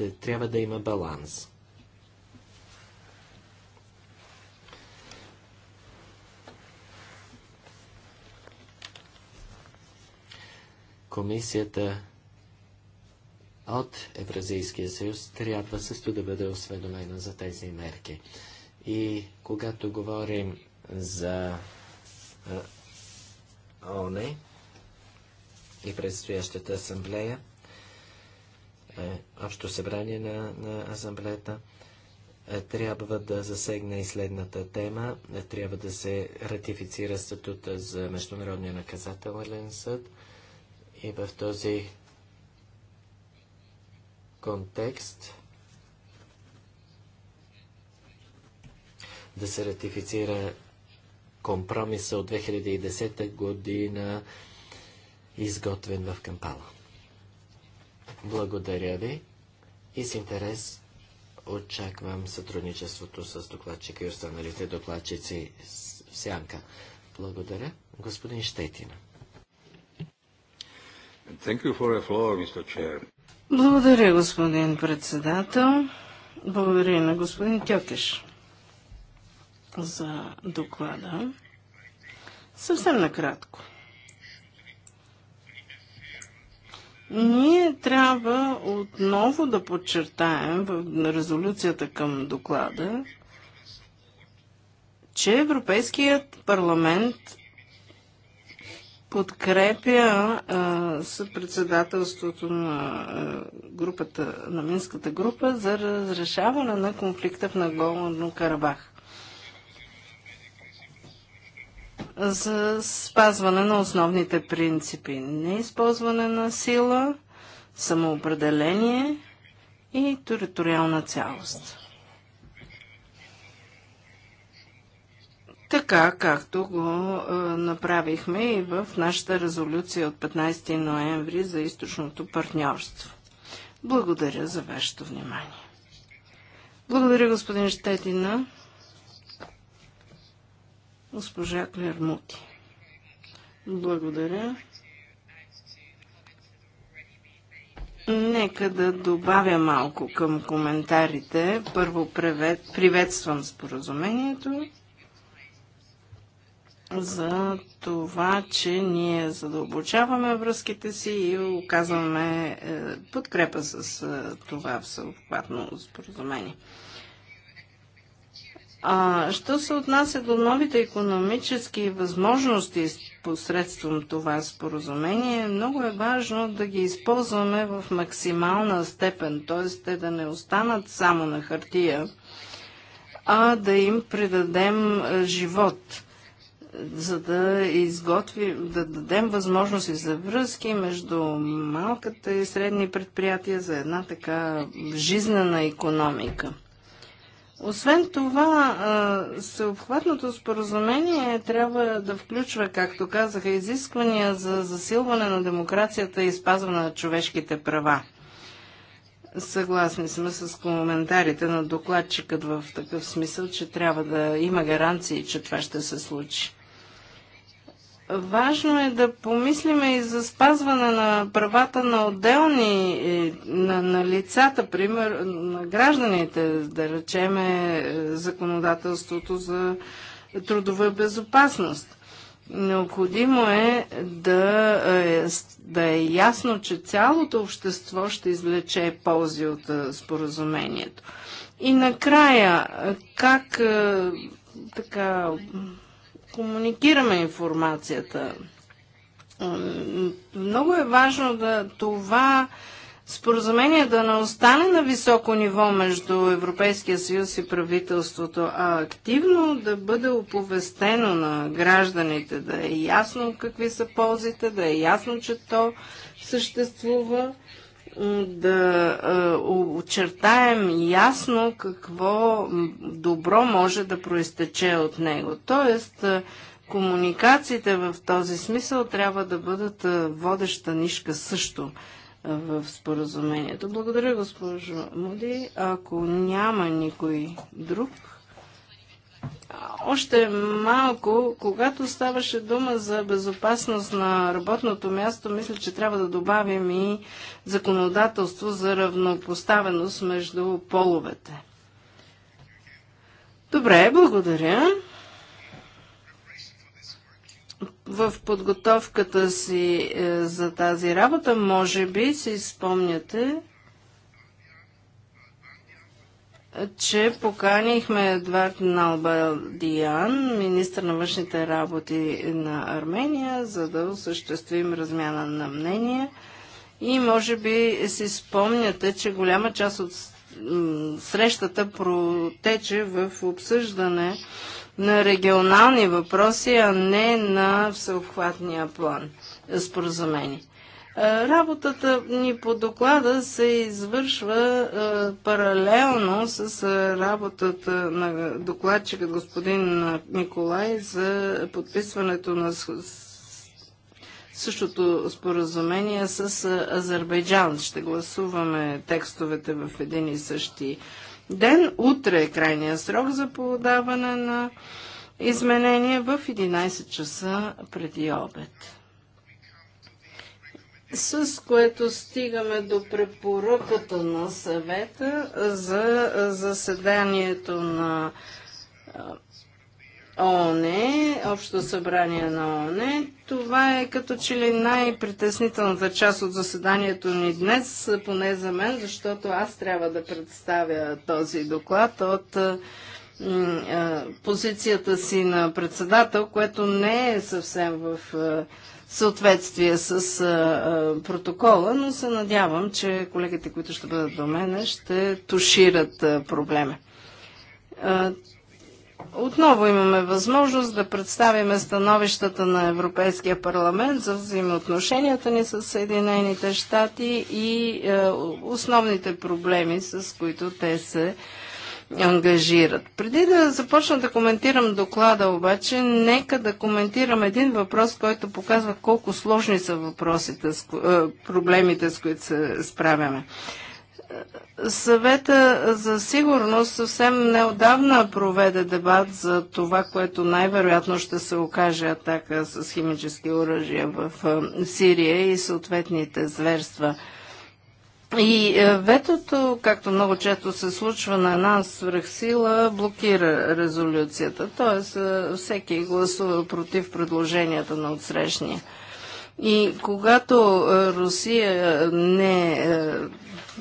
Speaker 1: Е, трябва да има баланс. Комисията от Евразийския съюз трябва също да бъде осведомена за тези мерки. И когато говорим за е, ОНЕ и предстоящата асамблея, е, общо събрание на, на асамблеята е, трябва да засегне и следната тема. Е, трябва да се ратифицира статута за Международния наказателен съд. И в този контекст да се ратифицира компромиса от 2010 година, изготвен в Кампала. Благодаря ви и с интерес очаквам сътрудничеството с докладчика и останалите докладчици в сянка. Благодаря. Господин Щетина.
Speaker 2: Floor, Благодаря, господин председател. Благодаря на господин Кьокеш за доклада. Съвсем накратко. Ние трябва отново да подчертаем в резолюцията към доклада, че Европейският парламент подкрепя а, съпредседателството на групата, на Минската група за разрешаване на конфликта в Нагорно Карабах. за спазване на основните принципи. не използване на сила, самоопределение и териториална цялост. Така, както го е, направихме и в нашата резолюция от 15 ноември за източното партньорство. Благодаря за вашето внимание. Благодаря, господин Щетина. Госпожа Клермути. Благодаря. Нека да добавя малко към коментарите. Първо приветствам споразумението за това, че ние задълбочаваме връзките си и оказваме е, подкрепа с е, това всеобхватно споразумение. А, що се отнася до новите економически възможности посредством това споразумение, много е важно да ги използваме в максимална степен, т.е. те да не останат само на хартия, а да им придадем е, живот, за да изготвим, да дадем възможности за връзки между малката и средни предприятия за една така жизнена економика. Освен това, съобхватното споразумение трябва да включва, както казаха, изисквания за засилване на демокрацията и спазване на човешките права. Съгласни сме с коментарите на докладчикът в такъв смисъл, че трябва да има гаранции, че това ще се случи. Важно е да помислиме и за спазване на правата на отделни, е, на, на лицата, пример, на гражданите, да речеме е, законодателството за трудова безопасност. Необходимо е да, е да е ясно, че цялото общество ще извлече ползи от е, споразумението. И накрая, как така комуникираме информацията. Много е важно да това споразумение да не остане на високо ниво между Европейския съюз и правителството, а активно да бъде оповестено на гражданите, да е ясно какви са ползите, да е ясно, че то съществува да очертаем ясно какво добро може да проистече от него. Тоест, комуникациите в този смисъл трябва да бъдат водеща нишка също в споразумението. Благодаря, госпожо Моди. Ако няма никой друг, още малко, когато ставаше дума за безопасност на работното място, мисля, че трябва да добавим и законодателство за равнопоставеност между половете. Добре, благодаря. В подготовката си е, за тази работа, може би, си спомняте, че поканихме Едвард Налбадиян, министр на външните работи на Армения, за да осъществим размяна на мнение. И може би си спомняте, че голяма част от срещата протече в обсъждане на регионални въпроси, а не на всеобхватния план споразумение. Е, работата ни по доклада се извършва е, паралелно с е, работата на докладчика господин Николай за подписването на същото споразумение с Азербайджан. Ще гласуваме текстовете в един и същи ден. Утре е крайния срок за подаване на изменения в 11 часа преди обед с което стигаме до препоръката на съвета за заседанието на ООН, Общо събрание на ООН. Това е като че ли най-притеснителната част от заседанието ни днес, поне за мен, защото аз трябва да представя този доклад от позицията си на председател, което не е съвсем в съответствие с а, а, протокола, но се надявам, че колегите, които ще бъдат до мене, ще тушират а, проблема. Отново имаме възможност да представим становищата на Европейския парламент за взаимоотношенията ни с Съединените щати и е, основните проблеми, с които те се ангажират. Преди да започна да коментирам доклада обаче, нека да коментирам един въпрос, който показва колко сложни са въпросите, е, проблемите, с които се справяме. Съвета за сигурност съвсем неодавна проведе дебат за това, което най-вероятно ще се окаже атака с химически оръжия в е, Сирия и съответните зверства – и е, ветото, както много често се случва на една свръхсила, блокира резолюцията. Тоест, е, всеки гласува против предложенията на отсрещния. И когато е, Русия не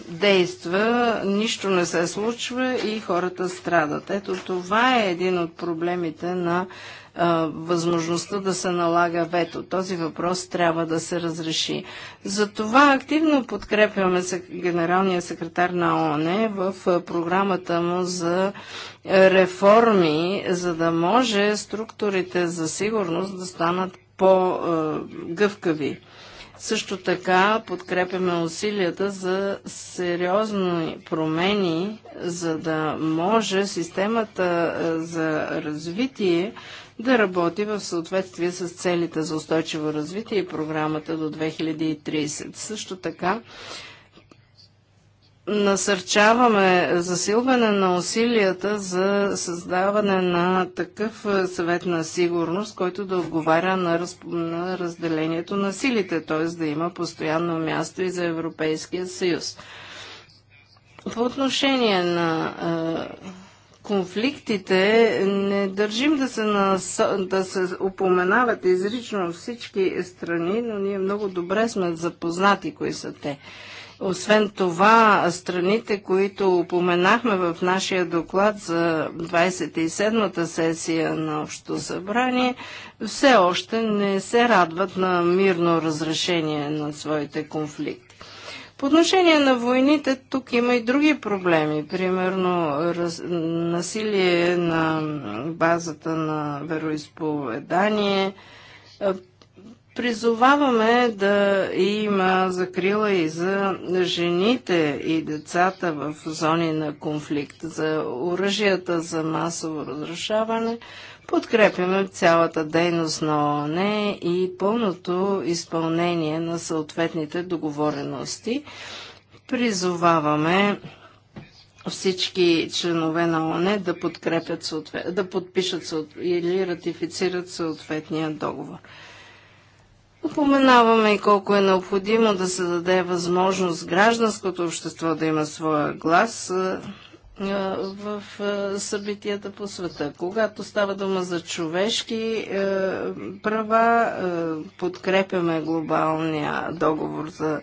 Speaker 2: действа, нищо не се случва и хората страдат. Ето това е един от проблемите на възможността да се налага вето. Този въпрос трябва да се разреши. Затова активно подкрепяме генералния секретар на ООН в програмата му за реформи, за да може структурите за сигурност да станат по-гъвкави. Също така подкрепяме усилията за сериозни промени, за да може системата за развитие да работи в съответствие с целите за устойчиво развитие и програмата до 2030. Също така, насърчаваме засилване на усилията за създаване на такъв съвет на сигурност, който да отговаря на, раз... на разделението на силите, т.е. да има постоянно място и за Европейския съюз. По отношение на конфликтите не държим да се, нас... да се упоменават изрично всички страни, но ние много добре сме запознати кои са те. Освен това, страните, които упоменахме в нашия доклад за 27-та сесия на Общото събрание, все още не се радват на мирно разрешение на своите конфликти. По отношение на войните, тук има и други проблеми. Примерно раз, насилие на базата на вероисповедание. Призоваваме да има закрила и за жените и децата в зони на конфликт, за оръжията за масово разрушаване – Подкрепяме цялата дейност на ООН и пълното изпълнение на съответните договорености. Призоваваме всички членове на ООН да, подкрепят да подпишат или ратифицират съответния договор. Упоменаваме и колко е необходимо да се даде възможност гражданското общество да има своя глас в събитията по света. Когато става дума за човешки е, права, е, подкрепяме глобалния договор за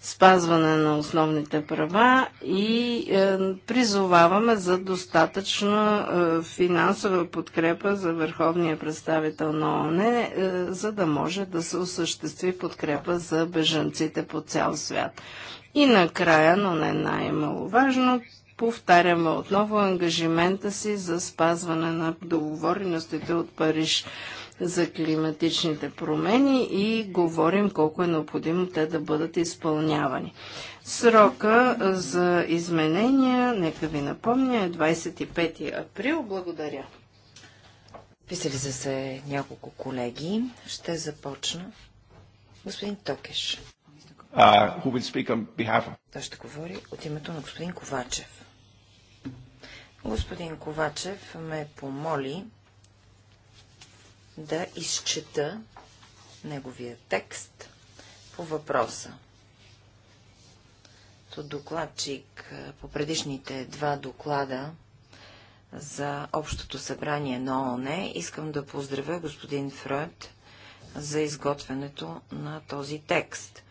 Speaker 2: спазване на основните права и е, призоваваме за достатъчна финансова подкрепа за върховния представител на ООН, за да може да се осъществи подкрепа за бежанците по цял свят. И накрая, но не най-маловажно, повтаряме отново ангажимента си за спазване на договореностите от Париж за климатичните промени и говорим колко е необходимо те да бъдат изпълнявани. Срока за изменения, нека ви напомня, е 25 април. Благодаря. Писали са се няколко колеги. Ще започна.
Speaker 3: Господин Токеш. Uh, Той ще говори от името на господин Ковачев. Господин Ковачев ме помоли да изчета неговия текст по въпроса. То докладчик е, по предишните два доклада за Общото събрание на ООН, искам да поздравя господин Фройд за изготвянето на този текст.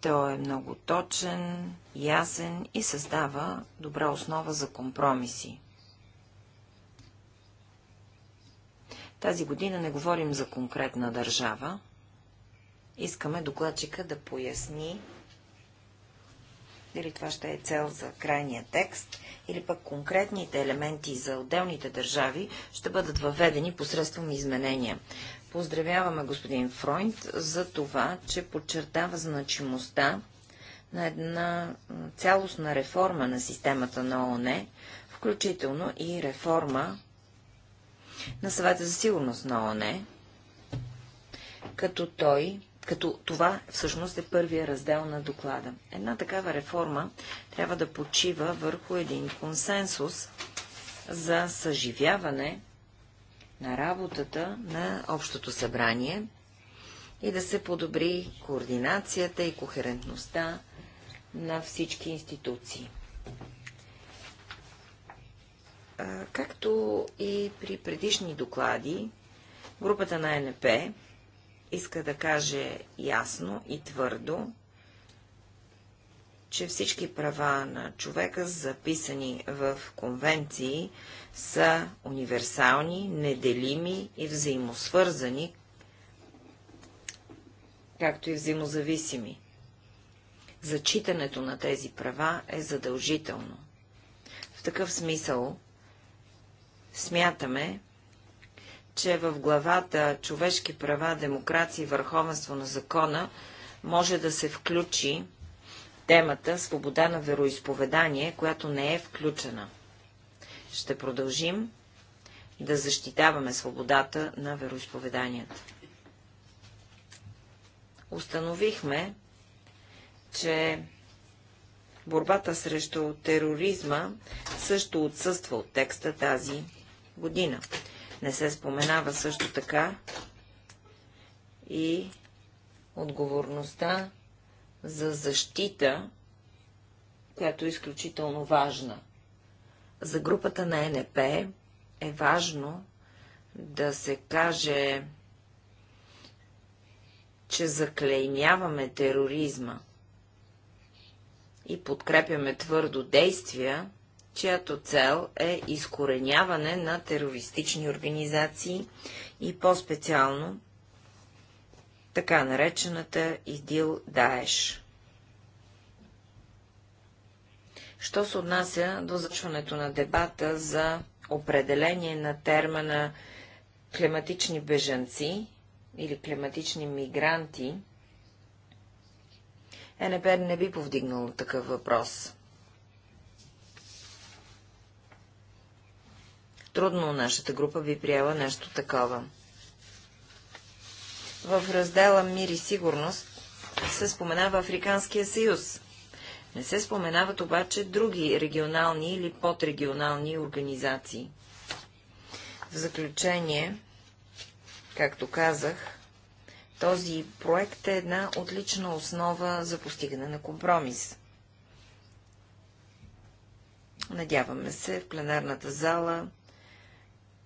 Speaker 3: Той е много точен, ясен и създава добра основа за компромиси. Тази година не говорим за конкретна държава. Искаме докладчика да поясни дали това ще е цел за крайния текст, или пък конкретните елементи за отделните държави ще бъдат въведени посредством изменения. Поздравяваме господин Фройнд за това, че подчертава значимостта на една цялостна реформа на системата на ООН, включително и реформа на съвета за сигурност на ООН, като той, като това всъщност е първия раздел на доклада. Една такава реформа трябва да почива върху един консенсус за съживяване на работата на Общото събрание и да се подобри координацията и кохерентността на всички институции. Както и при предишни доклади, групата на НП иска да каже ясно и твърдо, че всички права на човека, записани в конвенции, са универсални, неделими и взаимосвързани, както и взаимозависими. Зачитането на тези права е задължително. В такъв смисъл смятаме, че в главата Човешки права, демокрация и върховенство на закона може да се включи темата свобода на вероисповедание, която не е включена. Ще продължим да защитаваме свободата на вероисповеданията. Установихме, че борбата срещу тероризма също отсъства от текста тази година. Не се споменава също така и отговорността за защита, която е изключително важна. За групата на НП е важно да се каже, че заклеймяваме тероризма и подкрепяме твърдо действия, чиято цел е изкореняване на терористични организации и по-специално така наречената ИДИЛ Даеш. Що се отнася до зачването на дебата за определение на термина климатични бежанци или климатични мигранти, ЕНП не би повдигнало такъв въпрос. Трудно нашата група би приела нещо такова в раздела Мир и сигурност се споменава Африканския съюз. Не се споменават обаче други регионални или подрегионални организации. В заключение, както казах, този проект е една отлична основа за постигане на компромис. Надяваме се в пленарната зала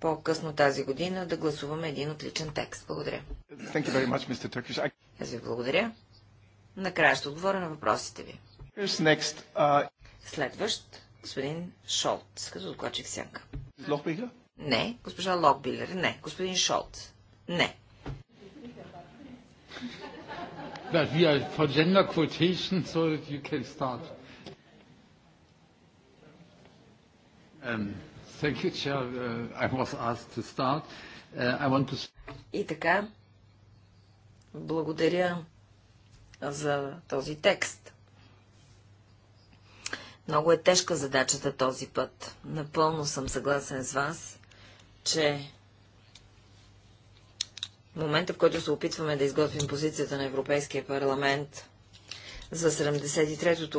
Speaker 3: по-късно тази година да гласуваме един отличен текст. Благодаря. Thank you very Much, Mr. Turkish. I... Аз ви благодаря. Накрая ще отговоря на въпросите ви. next, Uh... Следващ, господин Шолт, като докладчик сянка. Не. Госпожа Локбилер. Не. Господин Шолт. Не.
Speaker 2: Um, Thank you, Chair. Uh, I
Speaker 3: was asked to start. Uh, I want to... И така, благодаря за този текст. Много е тежка задачата този път. Напълно съм съгласен с вас, че в момента, в който се опитваме да изготвим позицията на Европейския парламент за 73-та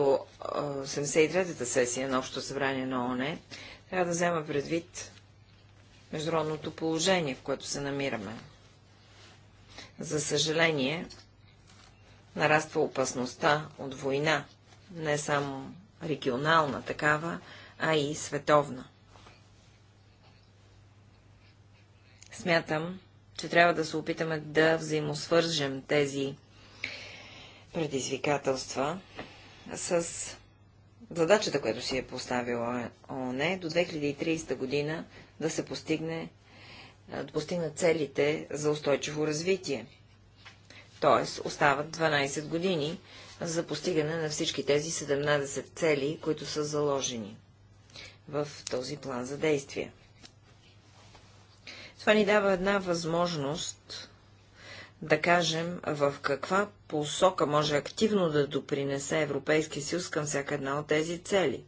Speaker 3: 73 сесия на Общото събрание на ОНЕ, трябва да взема предвид международното положение, в което се намираме. За съжаление, нараства опасността от война, не само регионална такава, а и световна. Смятам, че трябва да се опитаме да взаимосвържем тези предизвикателства с задачата, която си е поставила ООН, е до 2030 година да се постигне, да постигнат целите за устойчиво развитие. Тоест, остават 12 години за постигане на всички тези 17 цели, които са заложени в този план за действие. Това ни дава една възможност да кажем в каква посока може активно да допринесе Европейския съюз към всяка една от тези цели.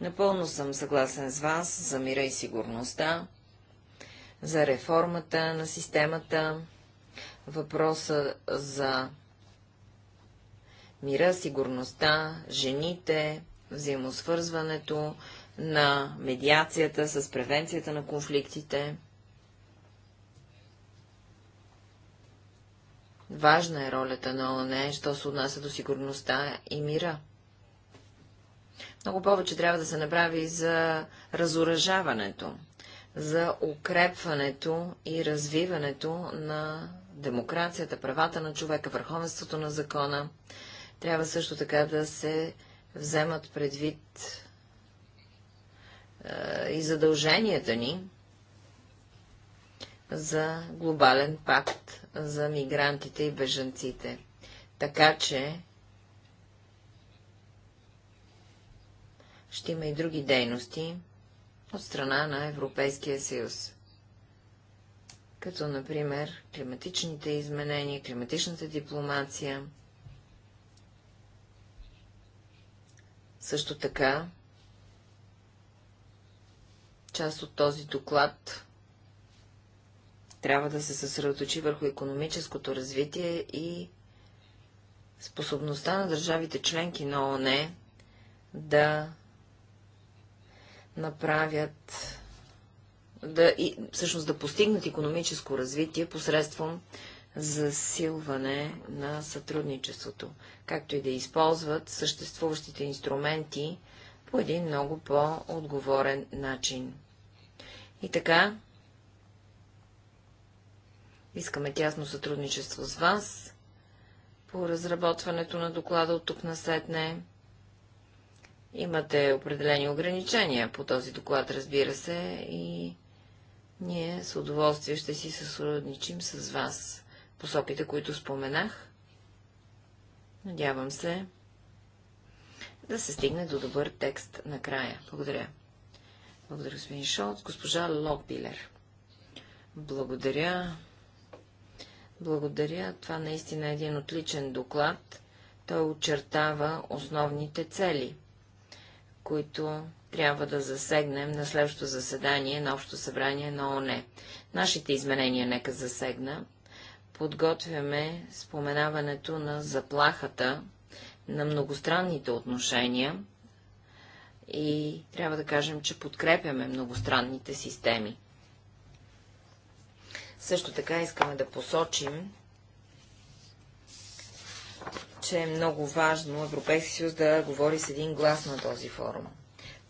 Speaker 3: Напълно съм съгласен с вас за мира и сигурността, за реформата на системата, въпроса за мира, сигурността, жените, взаимосвързването на медиацията с превенцията на конфликтите. Важна е ролята на ООН, що се отнася до сигурността и мира. Много повече трябва да се направи за разоръжаването, за укрепването и развиването на демокрацията, правата на човека, върховенството на закона. Трябва също така да се вземат предвид е, и задълженията ни за глобален пакт за мигрантите и бежанците. Така че ще има и други дейности от страна на Европейския съюз, като например климатичните изменения, климатичната дипломация, също така част от този доклад трябва да се съсредоточи върху економическото развитие и способността на държавите членки на ООН да направят, да, и, всъщност да постигнат економическо развитие посредством засилване на сътрудничеството, както и да използват съществуващите инструменти по един много по-отговорен начин. И така, Искаме тясно сътрудничество с вас по разработването на доклада от тук на сетне. Имате определени ограничения по този доклад, разбира се, и ние с удоволствие ще си сътрудничим с вас. сопите, които споменах, надявам се да се стигне до добър текст накрая. Благодаря. Благодаря, господин Шолт. Госпожа Лопилер. Благодаря. Благодаря. Това наистина е един отличен доклад. Той очертава основните цели, които трябва да засегнем на следващото заседание на Общо събрание на ОНЕ. Нашите изменения нека засегна. Подготвяме споменаването на заплахата на многостранните отношения и трябва да кажем, че подкрепяме многостранните системи. Също така искаме да посочим, че е много важно Европейски съюз да говори с един глас на този форум.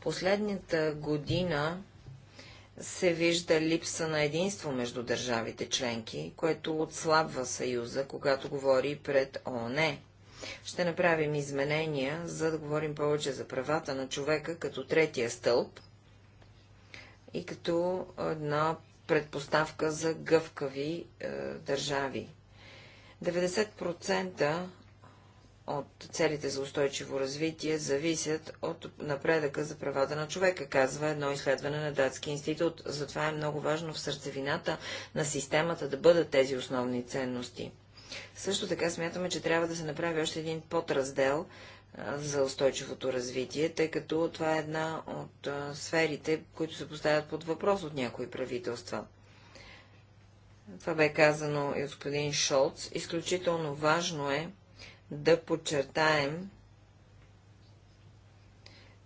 Speaker 3: Последната година се вижда липса на единство между държавите членки, което отслабва Съюза, когато говори пред ООН. Ще направим изменения, за да говорим повече за правата на човека като третия стълб и като една предпоставка за гъвкави е, държави. 90% от целите за устойчиво развитие зависят от напредъка за правата на човека, казва едно изследване на Датски институт. Затова е много важно в сърцевината на системата да бъдат тези основни ценности. Също така смятаме, че трябва да се направи още един подраздел за устойчивото развитие, тъй като това е една от сферите, които се поставят под въпрос от някои правителства. Това бе казано и господин Шолц. Изключително важно е да подчертаем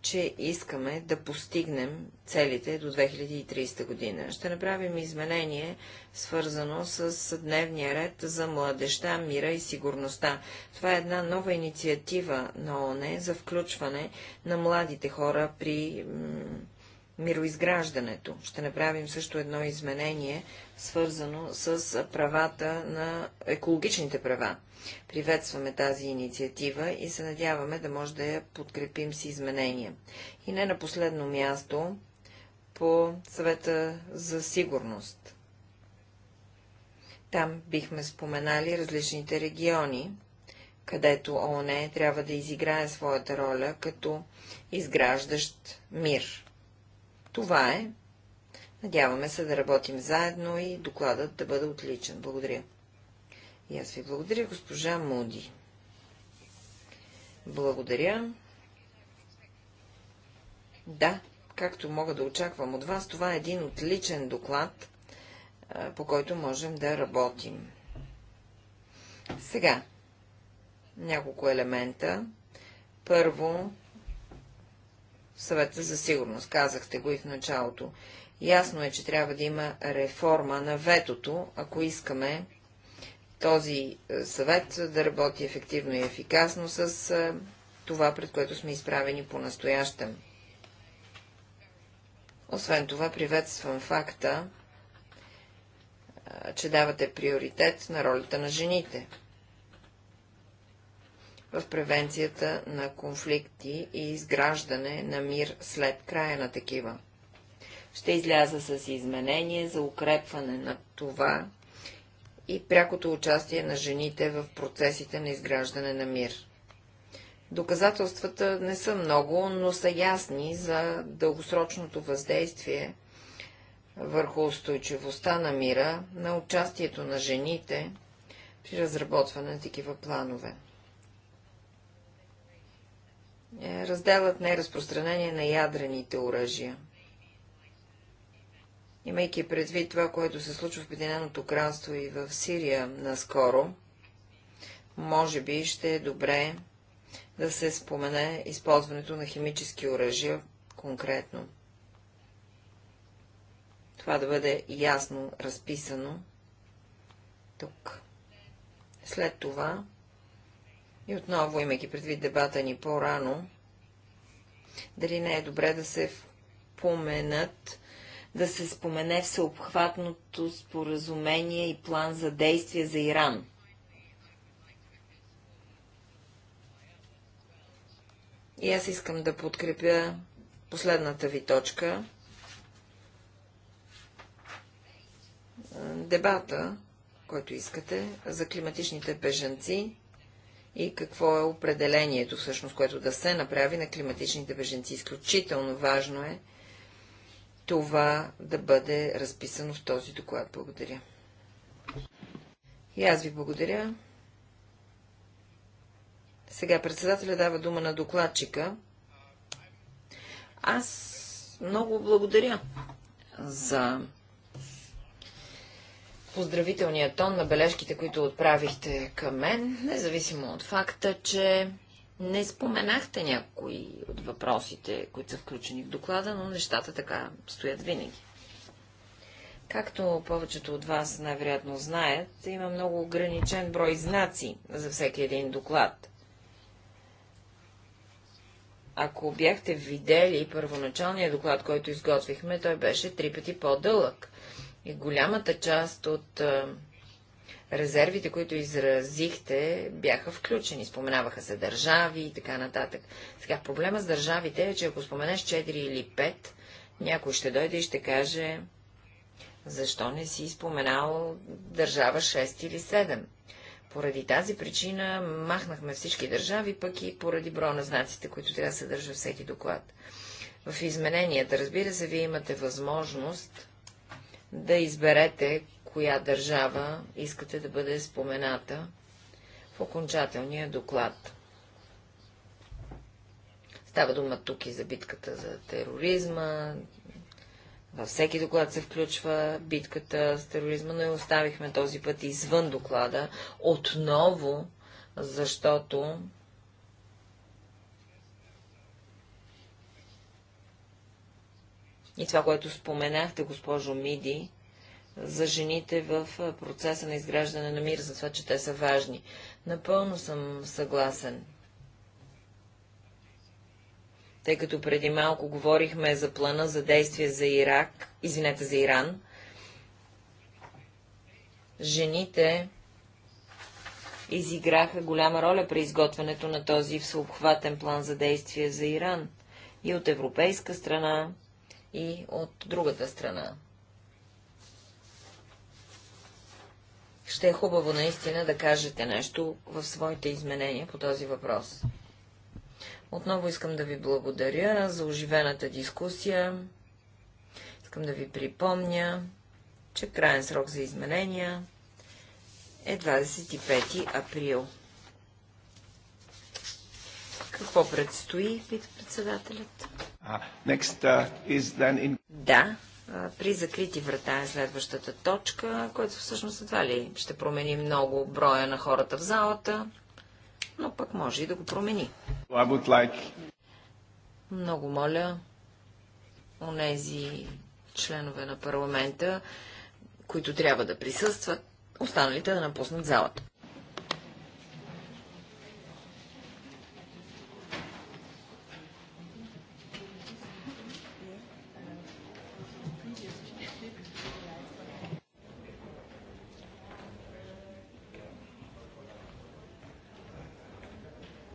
Speaker 3: че искаме да постигнем целите до 2030 година. Ще направим изменение, свързано с дневния ред за младеща, мира и сигурността. Това е една нова инициатива на ОНЕ за включване на младите хора при мироизграждането. Ще направим също едно изменение, свързано с правата на екологичните права. Приветстваме тази инициатива и се надяваме да може да я подкрепим с изменения. И не на последно място по съвета за сигурност. Там бихме споменали различните региони, където ООН трябва да изиграе своята роля като изграждащ мир. Това е. Надяваме се да работим заедно и докладът да бъде отличен. Благодаря. И аз ви благодаря, госпожа Муди. Благодаря. Да, както мога да очаквам от вас, това е един отличен доклад, по който можем да работим. Сега, няколко елемента. Първо, съвета за сигурност. Казахте го и в началото. Ясно е, че трябва да има реформа на ветото, ако искаме този е, съвет да работи ефективно и ефикасно с е, това, пред което сме изправени по-настоящем. Освен това, приветствам факта, е, че давате приоритет на ролята на жените в превенцията на конфликти и изграждане на мир след края на такива. Ще изляза с изменение за укрепване на това и прякото участие на жените в процесите на изграждане на мир. Доказателствата не са много, но са ясни за дългосрочното въздействие върху устойчивостта на мира, на участието на жените при разработване на такива планове. Е, разделът не е разпространение на ядрените оръжия. Имайки предвид това, което се случва в Обединеното кралство и в Сирия наскоро, може би ще е добре да се спомене използването на химически оръжия конкретно. Това да бъде ясно разписано тук. След това и отново, имайки предвид дебата ни по-рано, дали не е добре да се споменат, да се спомене всеобхватното споразумение и план за действие за Иран. И аз искам да подкрепя последната ви точка. Дебата, който искате, за климатичните бежанци и какво е определението, всъщност, което да се направи на климатичните беженци. Изключително важно е това да бъде разписано в този доклад. Благодаря. И аз ви благодаря. Сега председателя дава дума на докладчика. Аз много благодаря за поздравителния тон на бележките, които отправихте към мен, независимо от факта, че не споменахте някои от въпросите, които са включени в доклада, но нещата така стоят винаги. Както повечето от вас най-вероятно знаят, има много ограничен брой знаци за всеки един доклад. Ако бяхте видели първоначалния доклад, който изготвихме, той беше три пъти по-дълъг. И голямата част от резервите, които изразихте, бяха включени. Споменаваха се държави и така нататък. Сега проблема с държавите е, че ако споменеш 4 или 5, някой ще дойде и ще каже, защо не си споменал държава 6 или 7. Поради тази причина махнахме всички държави, пък и поради броя на знаците, които трябва да съдържа всеки доклад. В измененията, разбира се, вие имате възможност да изберете коя държава искате да бъде спомената в окончателния доклад. Става дума тук и за битката за тероризма. Във всеки доклад се включва битката с тероризма, но и оставихме този път извън доклада отново, защото И това, което споменахте, госпожо Миди, за жените в процеса на изграждане на мир, за това, че те са важни. Напълно съм съгласен. Тъй като преди малко говорихме за плана за действие за Ирак, извинете, за Иран, жените изиграха голяма роля при изготвянето на този всеобхватен план за действие за Иран. И от европейска страна и от другата страна. Ще е хубаво наистина да кажете нещо в своите изменения по този въпрос. Отново искам да ви благодаря за оживената дискусия. Искам да ви припомня, че крайен срок за изменения е 25 април. Какво предстои, пита председателят? Next, is then in... Да, при закрити врата е следващата точка, което всъщност едва ли ще промени много броя на хората в залата, но пък може и да го промени.
Speaker 1: Like...
Speaker 3: Много моля, онези членове на парламента, които трябва да присъстват, останалите да напуснат залата.